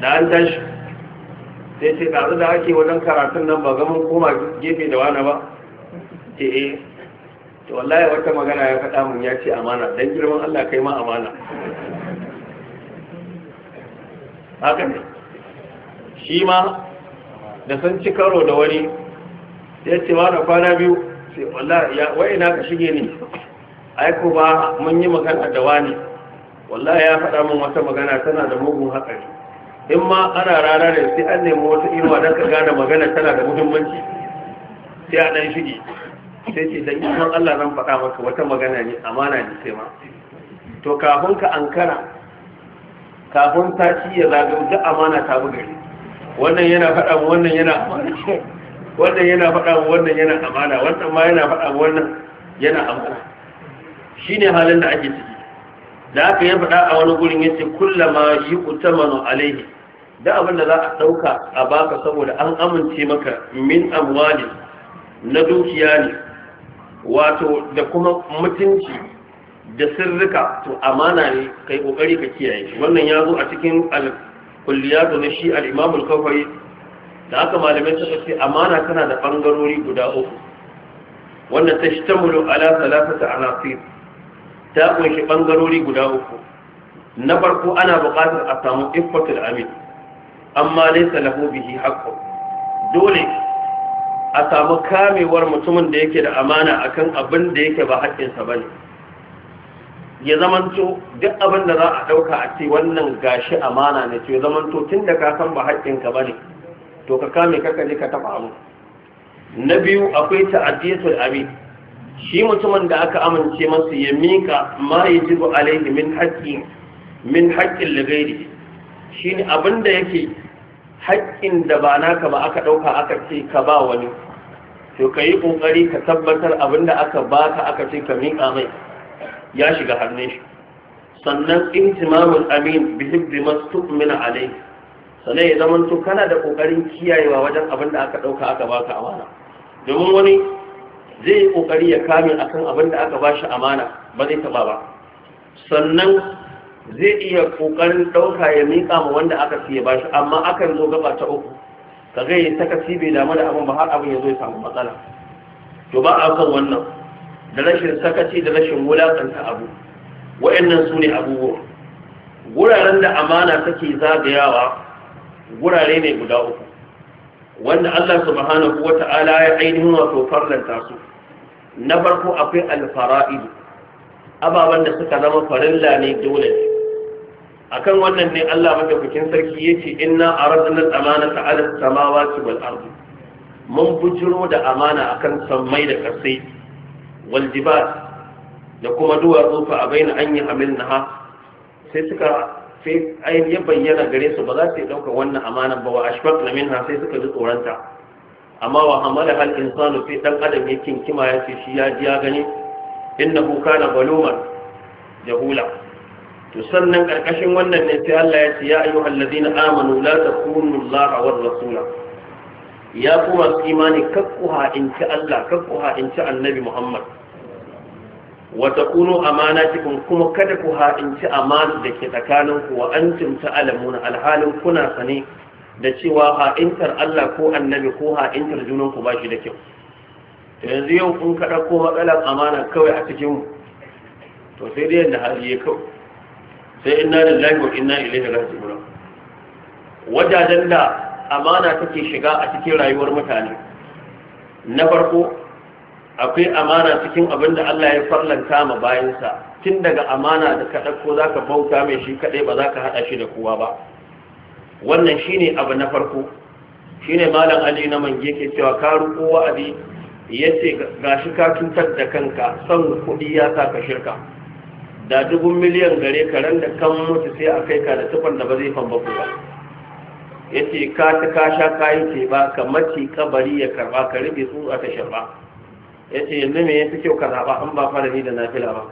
Speaker 1: da an tashi sai ce ɗazu da ake wajen karatun nan ba gamin koma gefe da wani ba ce e, to wallahi wata magana ya faɗa mun ya ce amana dan girman Allah kai ma amana haka ne shi ma da sun ci karo da wani ya ce ma kwana biyu sai wallahi ya wai na ka shige ni aiko ba mun yi magana da wani wallahi ya faɗa min wata magana tana da mugun haƙari in ma ana rana da sai an nemi wata irwa don ka gane magana tana da muhimmanci sai a ɗan shige sai ce dan yi Allah zan faɗa maka wata magana ne amana ne sai ma to kafin ka ankara kafin tashi ya zaga duk amana ta bi gari wannan yana faɗa mu wannan yana amana wannan yana faɗa mu wannan yana amana wannan ma yana faɗa mu wannan yana amana Shi ne halin da ake ciki da aka yi faɗa a wani gurin yace kullama yuqtamanu alaihi da abin da za a ɗauka a baka saboda an amince maka min amwali na dukiya ne wato da kuma mutunci da sirrika to amana ne kai kokari ka kiyaye shi wannan ya zo a cikin al-kulliyatu na shi al-imam al-kawfari da haka malamai suka ce amana tana da bangarori guda uku wannan ta shi tamulu ala salatata anasir ta kunshi bangarori guda uku na farko ana buƙatar a samu ifatul amin amma laysa lahu bihi haqqun dole a samu kamewar mutumin da yake da amana akan abin da yake ba sa bane ya zamanto duk abin da za a ɗauka a ce wannan gashi amana ne to ya zamanto tun da ka san ba ka bane to ka kame kaka je ka taɓa mu na biyu akwai ta'addiyatul amin shi mutumin da aka amince masa ya mika ma jibu alaihi min haƙƙin min shi ne abin abinda yake haƙƙin da ba naka ba aka ɗauka aka ce ka ba wani to ka yi ƙoƙari ka tabbatar abin da aka baka aka ce ka miƙa mai ya shiga hannun shi sannan intimamul amin bi hibbi mastu'mina alaihi sannan ya zama kana da ƙoƙarin kiyayewa wajen abin da aka ɗauka aka baka amana domin wani zai yi kokari ya kame akan abin da aka bashi amana ba zai taba ba sannan zai iya kokarin dauka ya mika ma wanda aka siya bashi amma akan zo gaba ta uku Ka ga ya saka bai damu da abin ba har abin ya zo ya samu matsala to ba a kan wannan da rashin sakaci da rashin wulakanta abu wa'annan su ne abubuwa wuraren da amana take zagayawa wurare ne guda uku wanda Allah subhanahu wata'ala ya ainihin wato farlanta su na farko akwai alfara'id ababen da suka zama farilla ne dole ne akan wannan ne Allah madaukakin sarki ce inna a al-amanata 'ala as samawa wal ardi mun bujiro da amana akan sammai da kasai wal jibal da kuma duwatsu a bayan an yi ha sai suka sai ayin ya bayyana gare su ba za su dauka wannan amanar ba wa min ha sai suka ji tsoranta amma wa hamala hal insanu fi dan adam ya kinkima ya ce shi ya ji ya gani innahu kana baluman jahula to sannan karkashin wannan ne sai Allah ya ce ya ayyuhal ladina amanu la takunu Allah wa rasula ya ku masu imani kakkuha in ci Allah kakkuha in ci annabi Muhammad wa takunu amanatikum kuma kada ku ha in ci da ke tsakaninku wa antum ta'lamuna alhalin kuna sane da cewa ha'intar Allah ko annabi ko ha'intar junan ku ba shi da kyau to yanzu yau kun ka ko matsalar amana kawai a cikin mu to sai dai yadda hali ya kau. sai inna lillahi wa inna ilaihi raji'un wajajen da amana take shiga a cikin rayuwar mutane na farko akwai amana cikin abin da Allah ya farlanta ma bayansa tun daga amana da ka ɗauko za ka bauta mai shi kaɗai ba za ka haɗa shi da kowa ba wannan shi ne abu na farko Shi ne malam ali na mange ke cewa ka ruko wa'adi 'Ga shi ka cutar da kanka son kuɗi ya sa ka shirka da dubun miliyan gare ka da kan mutu sai a kai ka da tufan da ba zai fan baku ba Ya ce, ka ta ka sha kayan ke ba ka mace kabari ya karba ka rufe su a ta Ya ce, yanzu me fi kyau ka zaɓa? an ba fara ni da nafila ba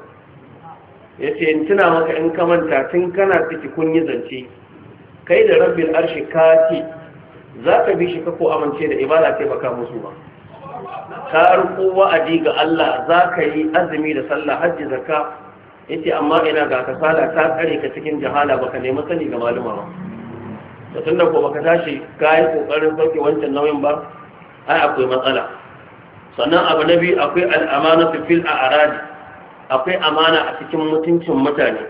Speaker 1: Ya ce, in tuna maka in ka manta tun kana ciki kun yi zance kai da rabbil arshi ka ce za ka bi shi ka ko amince da ibada ce baka musu ba ka riko wa'adi ga Allah za ka yi azumi da sallah hajji zakka yace amma ina ga sala ta tsare ka cikin jahala baka nemi sani ga maluma ba to tunda ko baka tashi ka yi kokarin sauke wancan nauyin ba ai akwai matsala sannan abu na biyu akwai al'amanatu fil a'radi akwai amana a cikin mutuncin mutane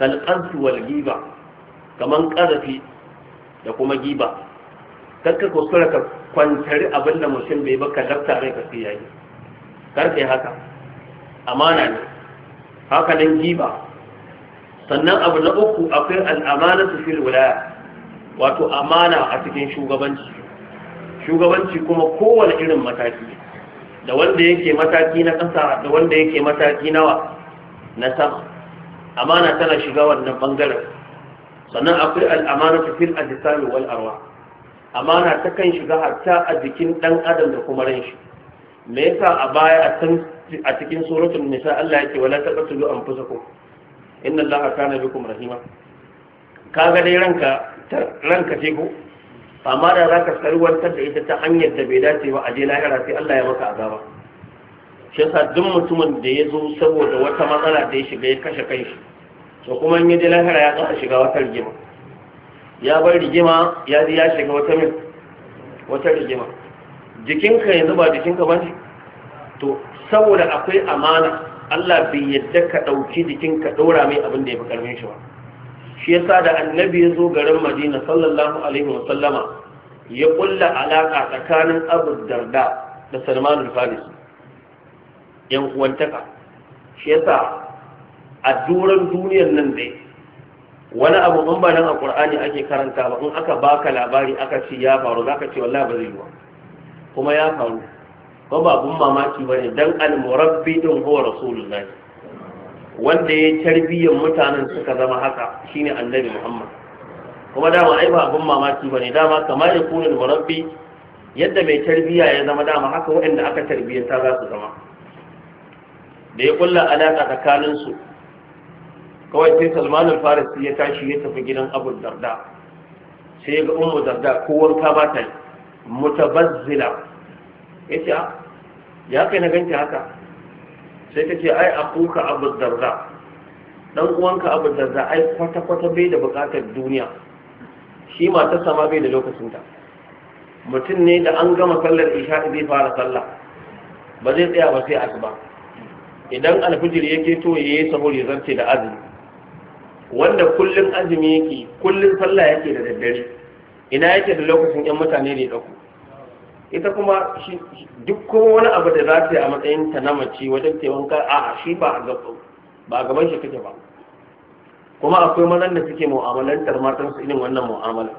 Speaker 1: kal qadr wal ghiba kamar ƙazafi da kuma giba kakka kuskura ka kwantari abin da mutum bai baka lafta rai kasu yayi karfe haka amana ne haka nan giba sannan abu na uku akwai su fil wulaya wato amana a cikin shugabanci shugabanci kuma kowane irin mataki da wanda yake mataki na ƙasa da wanda yake mataki nawa na sama amana tana shiga wannan bangaren sannan akwai al'amana fil ajisami wal arwa amana ta kan shiga hatta a jikin dan adam da kuma ran shi me yasa a baya a cikin suratul nisa Allah yake wala taqtulu anfusakum inna Allaha kana bikum rahima kaga dai ranka ranka ce ko amma da zaka sarwantar da ita ta hanyar da bai dace ba a je lahira sai Allah ya maka azaba shi yasa duk mutumin da ya zo saboda wata matsala da ya shiga ya kashe shi. to kuma in yi da lahira ya kasa shiga wata rigima ya bar rigima ya ji ya shiga wata min wata rigima jikinka yanzu ba jikinka ba ne to saboda akwai amana Allah bai yadda ka ɗauki jikinka ɗora mai abin da ya fi ƙarfin shi ba shi ya sa da annabi ya zo garin madina sallallahu alaihi wa sallama ya ƙulla alaƙa tsakanin abu darda da salmanul al-farisi yan uwantaka shi sa a duran duniyar nan dai wani abu in ba nan a ƙur'ani ake karanta ba in aka baka labari aka ce ya faru ka ce wallahi ba zai yi ba kuma ya faru ba ba abun mamaki ne don al-murabbi din huwa rasulullahi wanda ya tarbiyyar mutanen suka zama haka shine annabi muhammad kuma dama ai ba abun mamaki bane dama kamar ya kuna murabbi yadda mai tarbiyya ya zama dama haka waɗanda aka tarbiyyar ta za su zama da ya kulla alaƙa tsakaninsu kawai sai salman al-farisi ya tashi ya tafi gidan abu darda sai ga umu darda kowar ka ba ta mutabazzila ce ah, ya kai na ganta haka sai ta ce ai akuka abu darda dan uwanka abu darda ai kwata kwata bai da bukatar duniya shi ma ta sama bai da lokacinta. mutum ne da an gama sallar isha zai fara sallah ba zai tsaya ba sai asuba idan alfijir yake ya yi sahur ya zarce da azumi wanda kullum azumi yake kullum sallah yake da daddare ina yake da lokacin yan mutane ne dauko ita kuma duk ko wani abu da za ta yi a matsayin ta na mace wajen taimakon a shi ba a gaban shi kake ba kuma akwai mazan da suke mu'amalantar matan su irin wannan mu'amala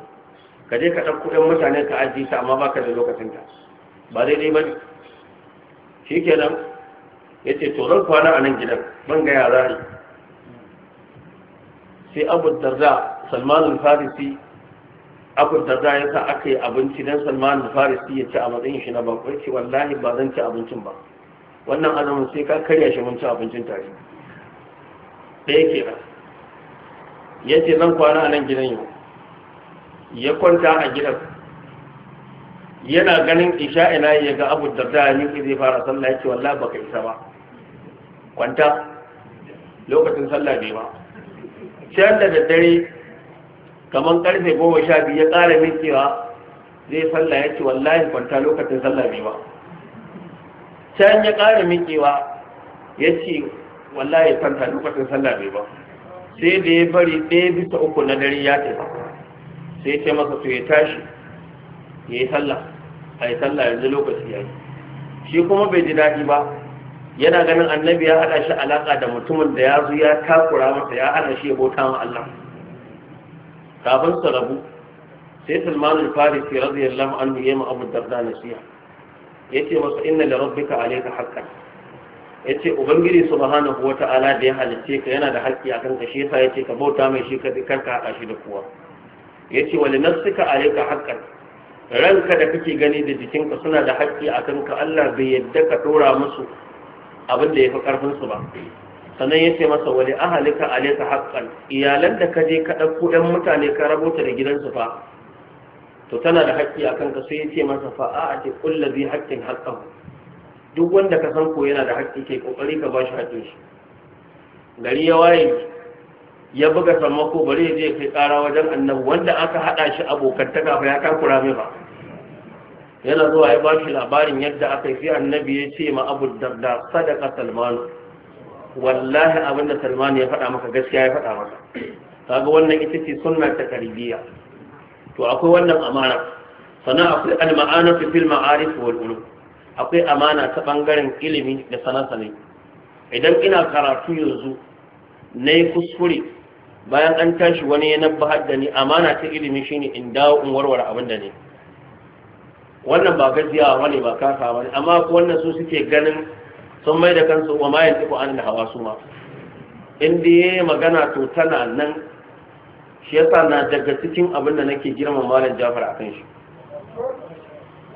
Speaker 1: ka je ka ɗauko yan mutane ka aji ta amma ba ka da lokacin ta ba daidai ba Ya ce to zan kwana a nan gidan ban ga yara ne sai abu darda salman farisi abu darda ya sa aka yi abinci don salman farisi ya ci a matsayin shi na bakwai wallahi ba zan ci abincin ba wannan azumin sai ka karya shi mun ci abincin tare ɗaya ke ba ya ce zan kwana a nan gidan yau ya kwanta a gidan yana ganin ina ya ga abu darda ya miƙe zai fara sallah ya ce wallahi baka isa ba kwanta lokacin sallah bai ba can da daddare kamar karfe goma sha biyu ya min cewa zai sallah ya ce wallahi kwanta lokacin sallah bai ba can ya min cewa ya ce wallahi kwanta lokacin sallah bai ba sai da ya bari ɗaya bisa uku na dare ya ce sai ce masa to ya tashi ya yi sallah a yi sallah yanzu lokaci ya yi shi kuma bai ji daɗi ba yana ganin annabi ya haɗa shi alaƙa da mutumin da ya zo ya takura masa ya hana shi ya bauta Allah kafin su rabu sai Salman al-Farisi radiyallahu anhu yayi ma Abu Darda nasiha yace masa inna li rabbika alayka haqqan yace ubangiji subhanahu ta'ala da ya halicce ka yana da haƙƙi akan ka shi yasa yace ka bauta mai shi ka ka haɗa shi da kowa yace wa li nafsika alayka haqqan ranka da kake gani da jikinka suna da haƙƙi akan ka Allah bai yadda ka dora musu abin da ya fi ƙarfinsu ba sannan ya ce masa wani ahalika alaika haƙƙan iyalan da ka je ka ɗauko ɗan mutane ka rabota da gidansu fa to tana da haƙƙi a kanka sai ya ce masa fa a ce ƙulla zai haƙƙin haƙƙan duk wanda ka san ko yana da haƙƙi ke ƙoƙari ka ba shi haƙƙin shi gari ya waye ya buga sammako bari ya je kai ƙara wajen annabi wanda aka haɗa shi abokantaka ba ya kakura mai ba yana zuwa ya bashi labarin yadda aka yi annabi ya ce ma abu darda sadaka salmanu wallahi abin da salmanu ya faɗa maka gaskiya ya faɗa maka kaga wannan ita ce sunna ta karbiya to akwai wannan amana sannan akwai al-ma'ana fi fil ma'arif wal ulum akwai amana ta bangaren ilimi da sanasane idan ina karatu yanzu nayi kuskure bayan an tashi wani ya nabba haddani, amana ta ilimi shine in dawo in warware abin da ne wannan ba gajiyawa ne ba kasa ne, amma ko wannan su suke ganin sun mai da kansu wa ma yanzu ko an da hawa su ma inda ya yi magana to tana nan shi yasa na daga cikin abin da nake girma malam jafar a kan shi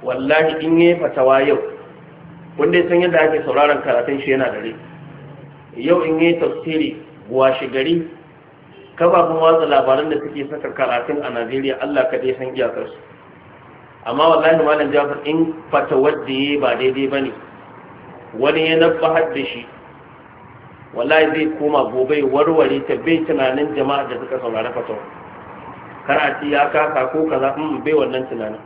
Speaker 1: wallahi in yi fatawa yau wanda ya san yadda ake sauraron karatun shi yana dare yau in yi tafsiri washe gari kafafen watsa labaran da suke saka karatun a najeriya allah kaɗai san iyakarsu amma wallahi da malam jafar in fata wadda ya ba daidai ba ne wani ya nabbahar da shi wallahi zai koma gobe warware ta bai tunanin jama'a da suka saurari fata karati ya kaka ko kaza in mm, bai wannan tunanin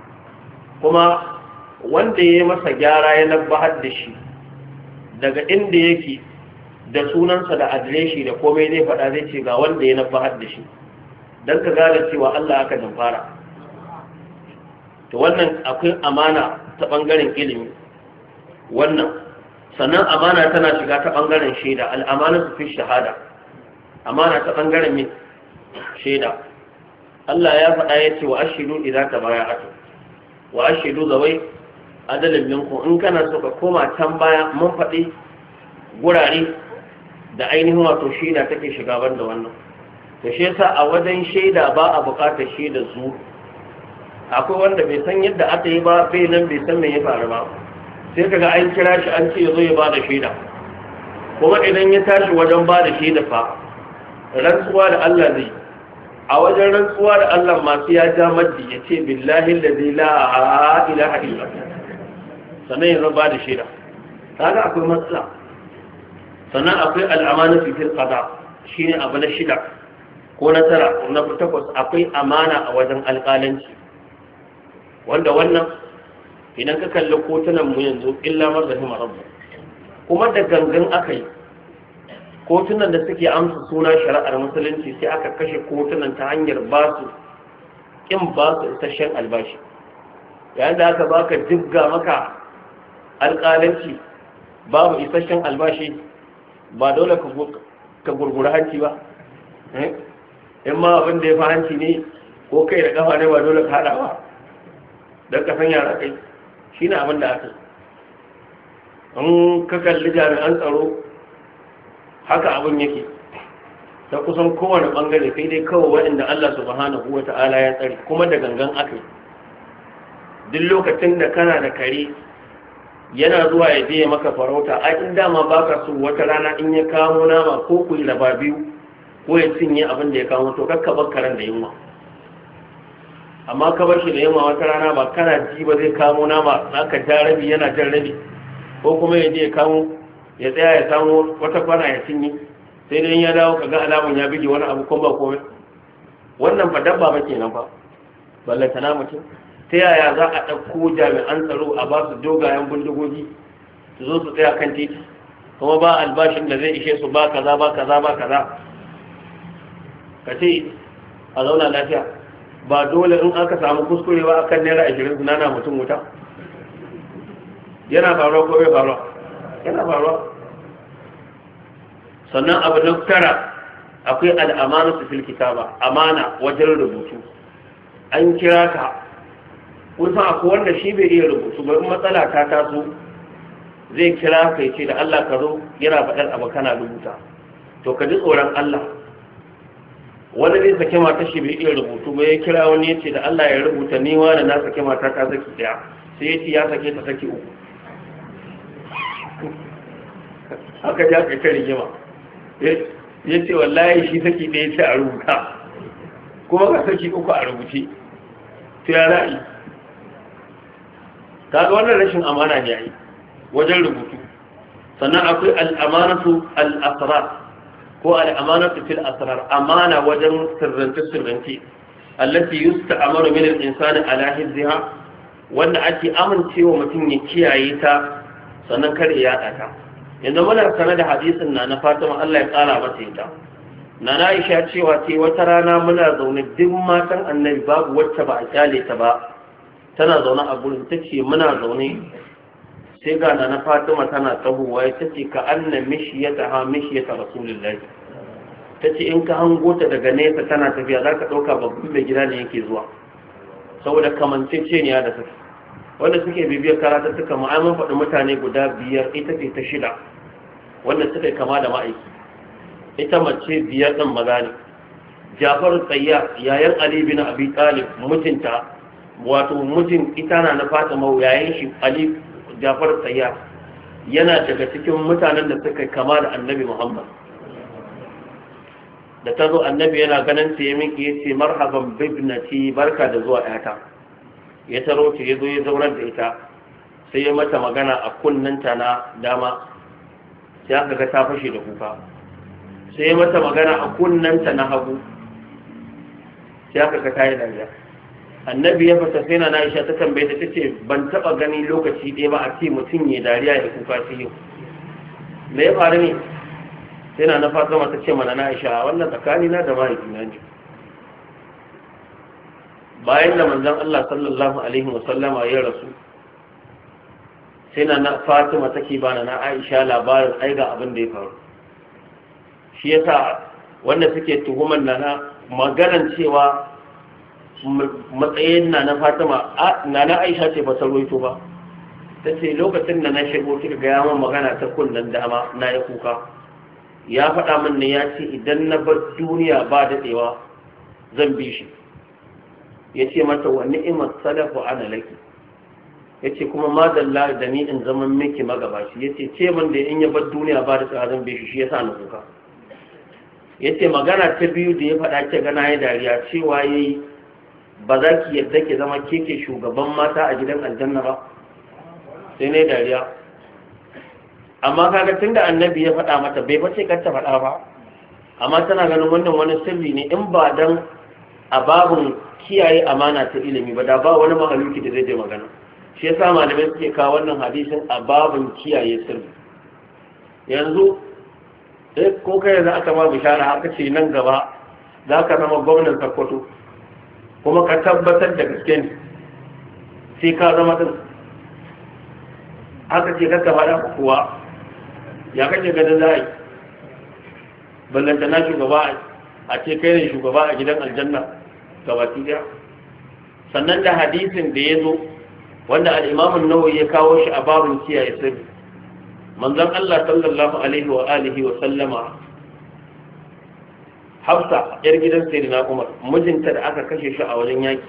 Speaker 1: kuma wanda ya masa gyara ya nabbahar da shi daga inda yake da sunansa da adireshi da komai zai faɗa zai ce ga wanda ya nabbahar da shi don ka gane cewa Allah aka damfara to wannan akwai amana ta bangaren ilimi wannan sannan amana tana shiga ta bangaren shaida al'amana su fi shahada amana ta bangaren min shaida Allah ya faɗa ya ce wa ashidu idza tabaya'atu wa ashidu zawai adalin minkum in kana so ka koma can baya mun faɗi gurare da ainihin wato shaida take shiga banda wannan to shi yasa a wajen shaida ba a buƙatar shaida zuwa akwai wanda bai san yadda aka yi ba bai nan bai san me ya faru ba sai kaga an kira shi an ce ya zo ya ba da shaida kuma idan ya tashi wajen ba da shaida fa rantsuwa da Allah zai a wajen rantsuwa da Allah masu ya ja maddi ya ce billahi ladzi la ilaha illa sannan ya zo ba da shaida kaga akwai matsala sannan akwai al'amana fi fil qada shine abu na shida ko na tara ko na takwas akwai amana a wajen alƙalanci wanda wannan idan ka kalli kotunan mu yanzu illa himar rabu. kuma da gangan aka yi kotunan da suke amsa suna shari'ar musulunci sai aka kashe kotunan ta hanyar ba su kin ba su isasshen albashi yayin da aka baka jibga maka alƙalanci babu isasshen albashi ba dole ka gurgura hanci ba eh? in ma abin da ya fi hanci ne ko kai da kafa ne ba dole ka haɗa ba don ka sanya a kai shi ne abin da aka an ka kalli jami'an tsaro haka abin yake ta kusan kowane bangare sai dai kawai waɗanda Allah subhanahu wa ta'ala ya tsare kuma da gangan aka duk lokacin da kana da kare yana zuwa ya je maka farauta a in dama baka su wata rana in ya kamo nama ko ku yi raba biyu ko ya cinye abin da ya kamo to kakka bar karen da yunwa amma ka bar shi da yamma wata rana ba kana ji ba zai kamo nama ka ja rabi yana jan rabi ko kuma ya je ya kamo ya tsaya ya samu wata kwana ya cinye sai dai ya dawo ka ga alamun ya bige wani abu ko ba wannan fa dabba ba kenan fa ballanta na mutum ta yaya za a ɗauko jami'an tsaro a ba su dogayen bindigogi su zo su tsaya kan titi kuma ba albashin da zai ishe su ba kaza ba kaza ba kaza ka ce a zauna lafiya ba dole in aka samu kuskure ba akan naira ashirin suna na mutum wuta yana faruwa ko bai faruwa yana faruwa sannan abu na tara akwai al'amana su filkita ba. amana wajen rubutu an kira ka kun san akwai wanda shi bai iya rubutu ba in matsala ta taso zai kira ka ce da Allah ka zo yana faɗar abu kana rubuta to ka ji tsoron Allah wani zai sake mata shi bai iya rubutu ba ya kira wani ya ce da Allah ya rubuta ni wani na sake mata ta saki daya sai ya ce ya sake ta saki uku (laughs) haka ya kai ta gima. ya ce wallahi shi saki daya ce a rubuta kuma ka saki uku a rubuce to ya ra'ayi ta ga wannan rashin amana ne a yi wajen rubutu sannan akwai al'amanatu al'asrar ko al'amanatu fil asrar amana wajen sirrance sirrance allati yusta'maru min al-insani ala hizziha wanda ake amincewa mutum ya kiyaye ta sannan kar ya yada ta yanzu muna sanar da hadisin na na Fatima Allah ya tsara mata ita na Aisha cewa ce wata rana muna zaune duk matan Annabi babu wacce ba a kyale ta ba tana zaune a gurin tace muna zaune sai ga na fatima tana tsahowa ya ce ka anna mishiyata ha mishiyata rasulullahi ta ce in ka hango ta daga nesa tana tafiya za ka ɗauka babban mai gida ne yake zuwa saboda kamanceceniya da suke wanda suke bibiyar karata suka ma'amin faɗi mutane guda biyar ita ce ta shida wanda suka kama da ma'aiki ita mace biyar ɗin maza ne jafar tsayya yayan ali bin abi talib mutunta wato mutun ita na na fatima yayin shi ali jafar tsayya yana daga cikin mutanen da suka kama da annabi muhammad da ta zo annabi yana ganin ta yi miki yace marhaban bibnati barka da zuwa yata ya taro ta ya zo ya zaunar da ita sai ya mata magana a kunninta na dama sai aka ga ta fashe da kuka sai ya mata magana a kunninta na hagu sai aka ga ta yi dariya annabi ya fata sai na Aisha ta tambaye ta tace ban taba gani lokaci ɗaya ba a ce mutum ya dariya ya kuka shi yau me ya faru ne sai na Fatima ta ce mana na Aisha wannan tsakani na da na ne bayan da manzon Allah sallallahu alaihi wasallama ya rasu sai na Fatima take bana na Aisha labarin aiga abin da ya faru shi yasa wanda suke tuhumar na maganan cewa matsayin na na fatima na nana aisha ce ba ta roito ba ta ce lokacin da na shigo kika gaya min magana ta kullun dama na ya kuka ya faɗa min ne ya ce idan na bar duniya ba daɗewa zan bi shi ya ce mata wa ni'imar salafu ana laki ya ce kuma madalla da ni in zama miki magabashi ya ce ce min da in ya bar duniya ba da daɗewa zan bi shi shi ya sa na kuka ya ce magana ta biyu da ya faɗa ce gana ya dariya cewa ya yi ba za ki yadda ki zama keke shugaban mata a gidan aljanna ba sai ne dariya amma kaga tunda annabi ya faɗa mata bai fice kar ta faɗa ba amma tana ganin wannan wani sirri ne in ba dan a babun kiyaye amana ta ilimi ba da ba wani mahaluki da zai je magana shi yasa malamai suke kawo wannan hadisin a babun kiyaye sirri yanzu eh, ko kai yanzu aka ba bishara aka ce nan gaba za ka zama gwamnan sakkwato kuma ka tabbatar da gaske ne sai ka zama din Haka ce kaka faɗa kuwa ya kake ganin za a yi ballanta na shugaba a ce kai ne shugaba a gidan aljanna gabaki daya sannan da hadisin da ya zo wanda al'imamun nawa ya kawo shi a babin kiyaye sirri manzon Allah sallallahu alaihi wa alihi wa sallama hafsa yar gidan sayyidina umar mijinta da aka kashe shi a wajen yaki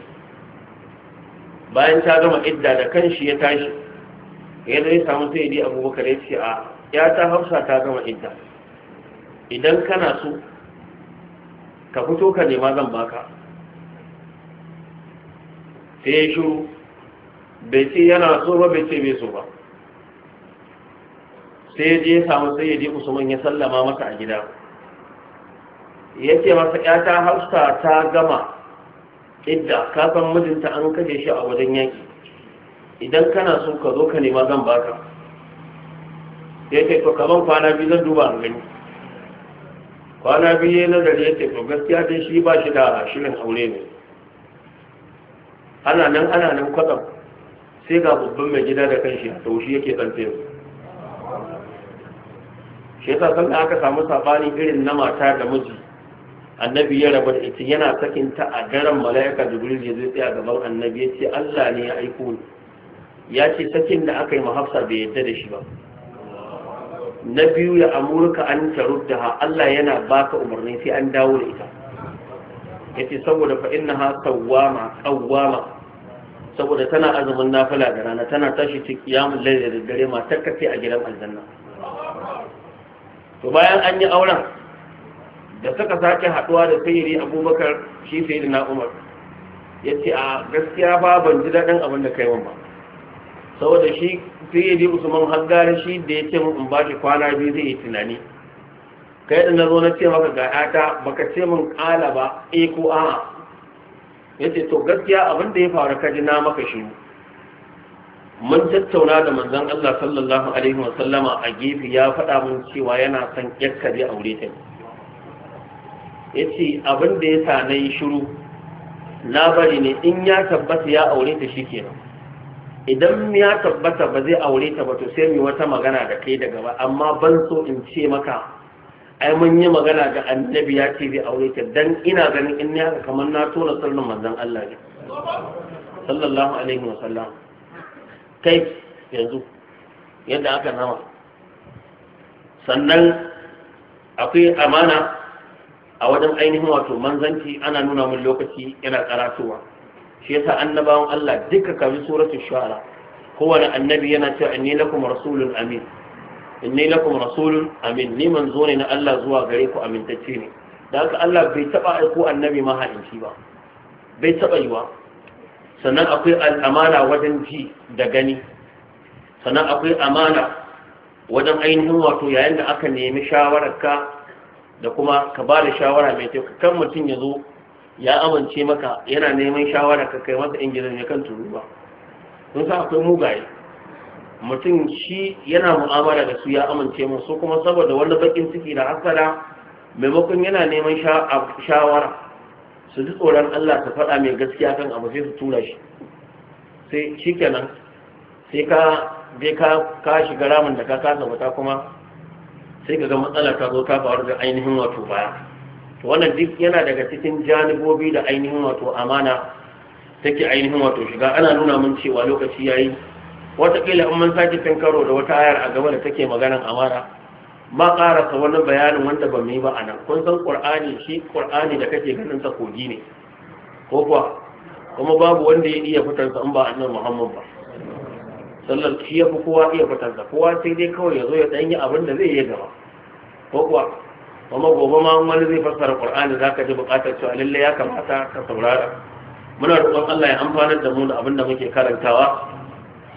Speaker 1: bayan ta gama idda da kanshi ya tashi ya zai samu sayyidi abubakar ya ce a ya ta hafsa ta gama idda idan kana so ka fito ka nema zan baka sai ya shiru bai ce yana so ba bai ce bai so ba sai ya je ya samu sayyidi usman ya sallama masa a gida ya ce masa ‘yata Hausa ta gama idda kafin mijinta an kaje shi a wajen yaki idan kana so ka zo ka nema zan baka ya ce to kaman kwana biyu zan duba an gani kwana biyu ya nazari ya ce to gaskiya dai shi ba shi da shirin aure ne ana nan ana nan kwatsam sai ga babban mai gida da kanshi a taushi yake tsantsiyar shi yasa san da aka samu sabani irin na mata da miji annabi ya raba da ita yana sakin ta a daren mala'ika jibril ya zo tsaya gaban annabi ya ce Allah ne ya aiko ni ya ce sakin da aka yi mahafsa bai yadda da shi ba na biyu ya amurka an tarud da ha Allah yana baka umarni sai an dawo da ita yace saboda fa ha qawwama qawwama saboda tana azumin nafila da rana tana tashi ta kiyamul layl da dare ma takkace a gidan aljanna to bayan an yi auren da suka sake haɗuwa da sayyidi abubakar shi sayyidi na umar ya ce a gaskiya ba ban ji daɗin abin da kai ba saboda shi sayyidi usman haggari shi da ya ce in ba shi kwana biyu zai yi tunani kai da na zo na ce maka ga yata baka ce mun ƙala ba e ko a'a ya ce to gaskiya abin da ya faru kaji na maka shi mun tattauna da manzon Allah sallallahu alaihi wasallama a gefe ya faɗa mun cewa yana son yakka aure ta ne ya ce abin da ya sa na yi shiru na bari ne in ya tabbata ya aure ta shi kenan idan ya tabbata ba zai aure ta ba to sai mu wata magana da kai daga ba amma ban so in ce maka ai mun yi magana da annabi ya ce zai aure ta dan ina ganin in ya kamar na tona sirrin manzon Allah ne sallallahu alaihi wa sallam kai yanzu yadda aka nama sannan akwai amana a wajen ainihin wato manzanci ana nuna mun lokaci yana karatuwa shi yasa annabawan Allah duka kabi suratul shu'ara kowane annabi yana cewa inni lakum rasulun amin inni lakum rasulun amin ni manzo ne na Allah zuwa gare ku amintacce ne da haka Allah bai taba aiko annabi mahaici ba bai taba yi ba sannan akwai al'amana wajen ji da gani sannan akwai amana wajen ainihin wato yayin da aka nemi shawararka da kuma ka ba da shawara mai kyau kan mutum ya zo ya amince maka yana neman shawara ka kai masa ingilan ya kan turu ba sun sa akwai mugaye mutum shi yana mu'amala da su ya amince mu su kuma saboda wani bakin ciki da hasala maimakon yana neman shawara su ji tsoron Allah ta faɗa mai gaskiya kan abu sai su tura shi sai shikenan sai ka ka shiga ramin da ka kasa ta kuma sai kaga matsala ta zo ta faru da ainihin wato baya wannan duk yana daga cikin janibobi da ainihin wato amana take ainihin wato shiga ana nuna mun cewa lokaci yayi watakila in mun sake cin karo da wata ayar a gaba da take maganan ba ma ka wani bayanin wanda ba mu yi ba a nan kun san qur'ani shi qur'ani da kake ganin sa kogi ne ko kuwa kuma babu wanda ya iya fitar sa in ba annabi Muhammad ba sallar shi ya fi kowa iya fitar da kowa sai dai kawai ya zo ya ɗanyi abin da zai iya gaba ko kuwa kuma gobe ma wani zai fassara za ka ji buƙatar cewa lalle ya kamata ka saurara muna roƙon Allah ya amfanar da mu da abin da muke karantawa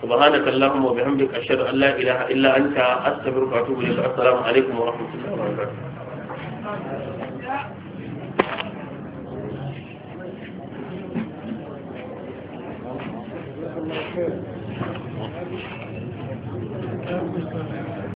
Speaker 1: subhanaka allahumma wa bihamdika ashhadu an la ilaha illa anta astaghfiruka wa atubu ilaik assalamu alaikum wa rahmatullahi wa barakatuh
Speaker 2: Gracias.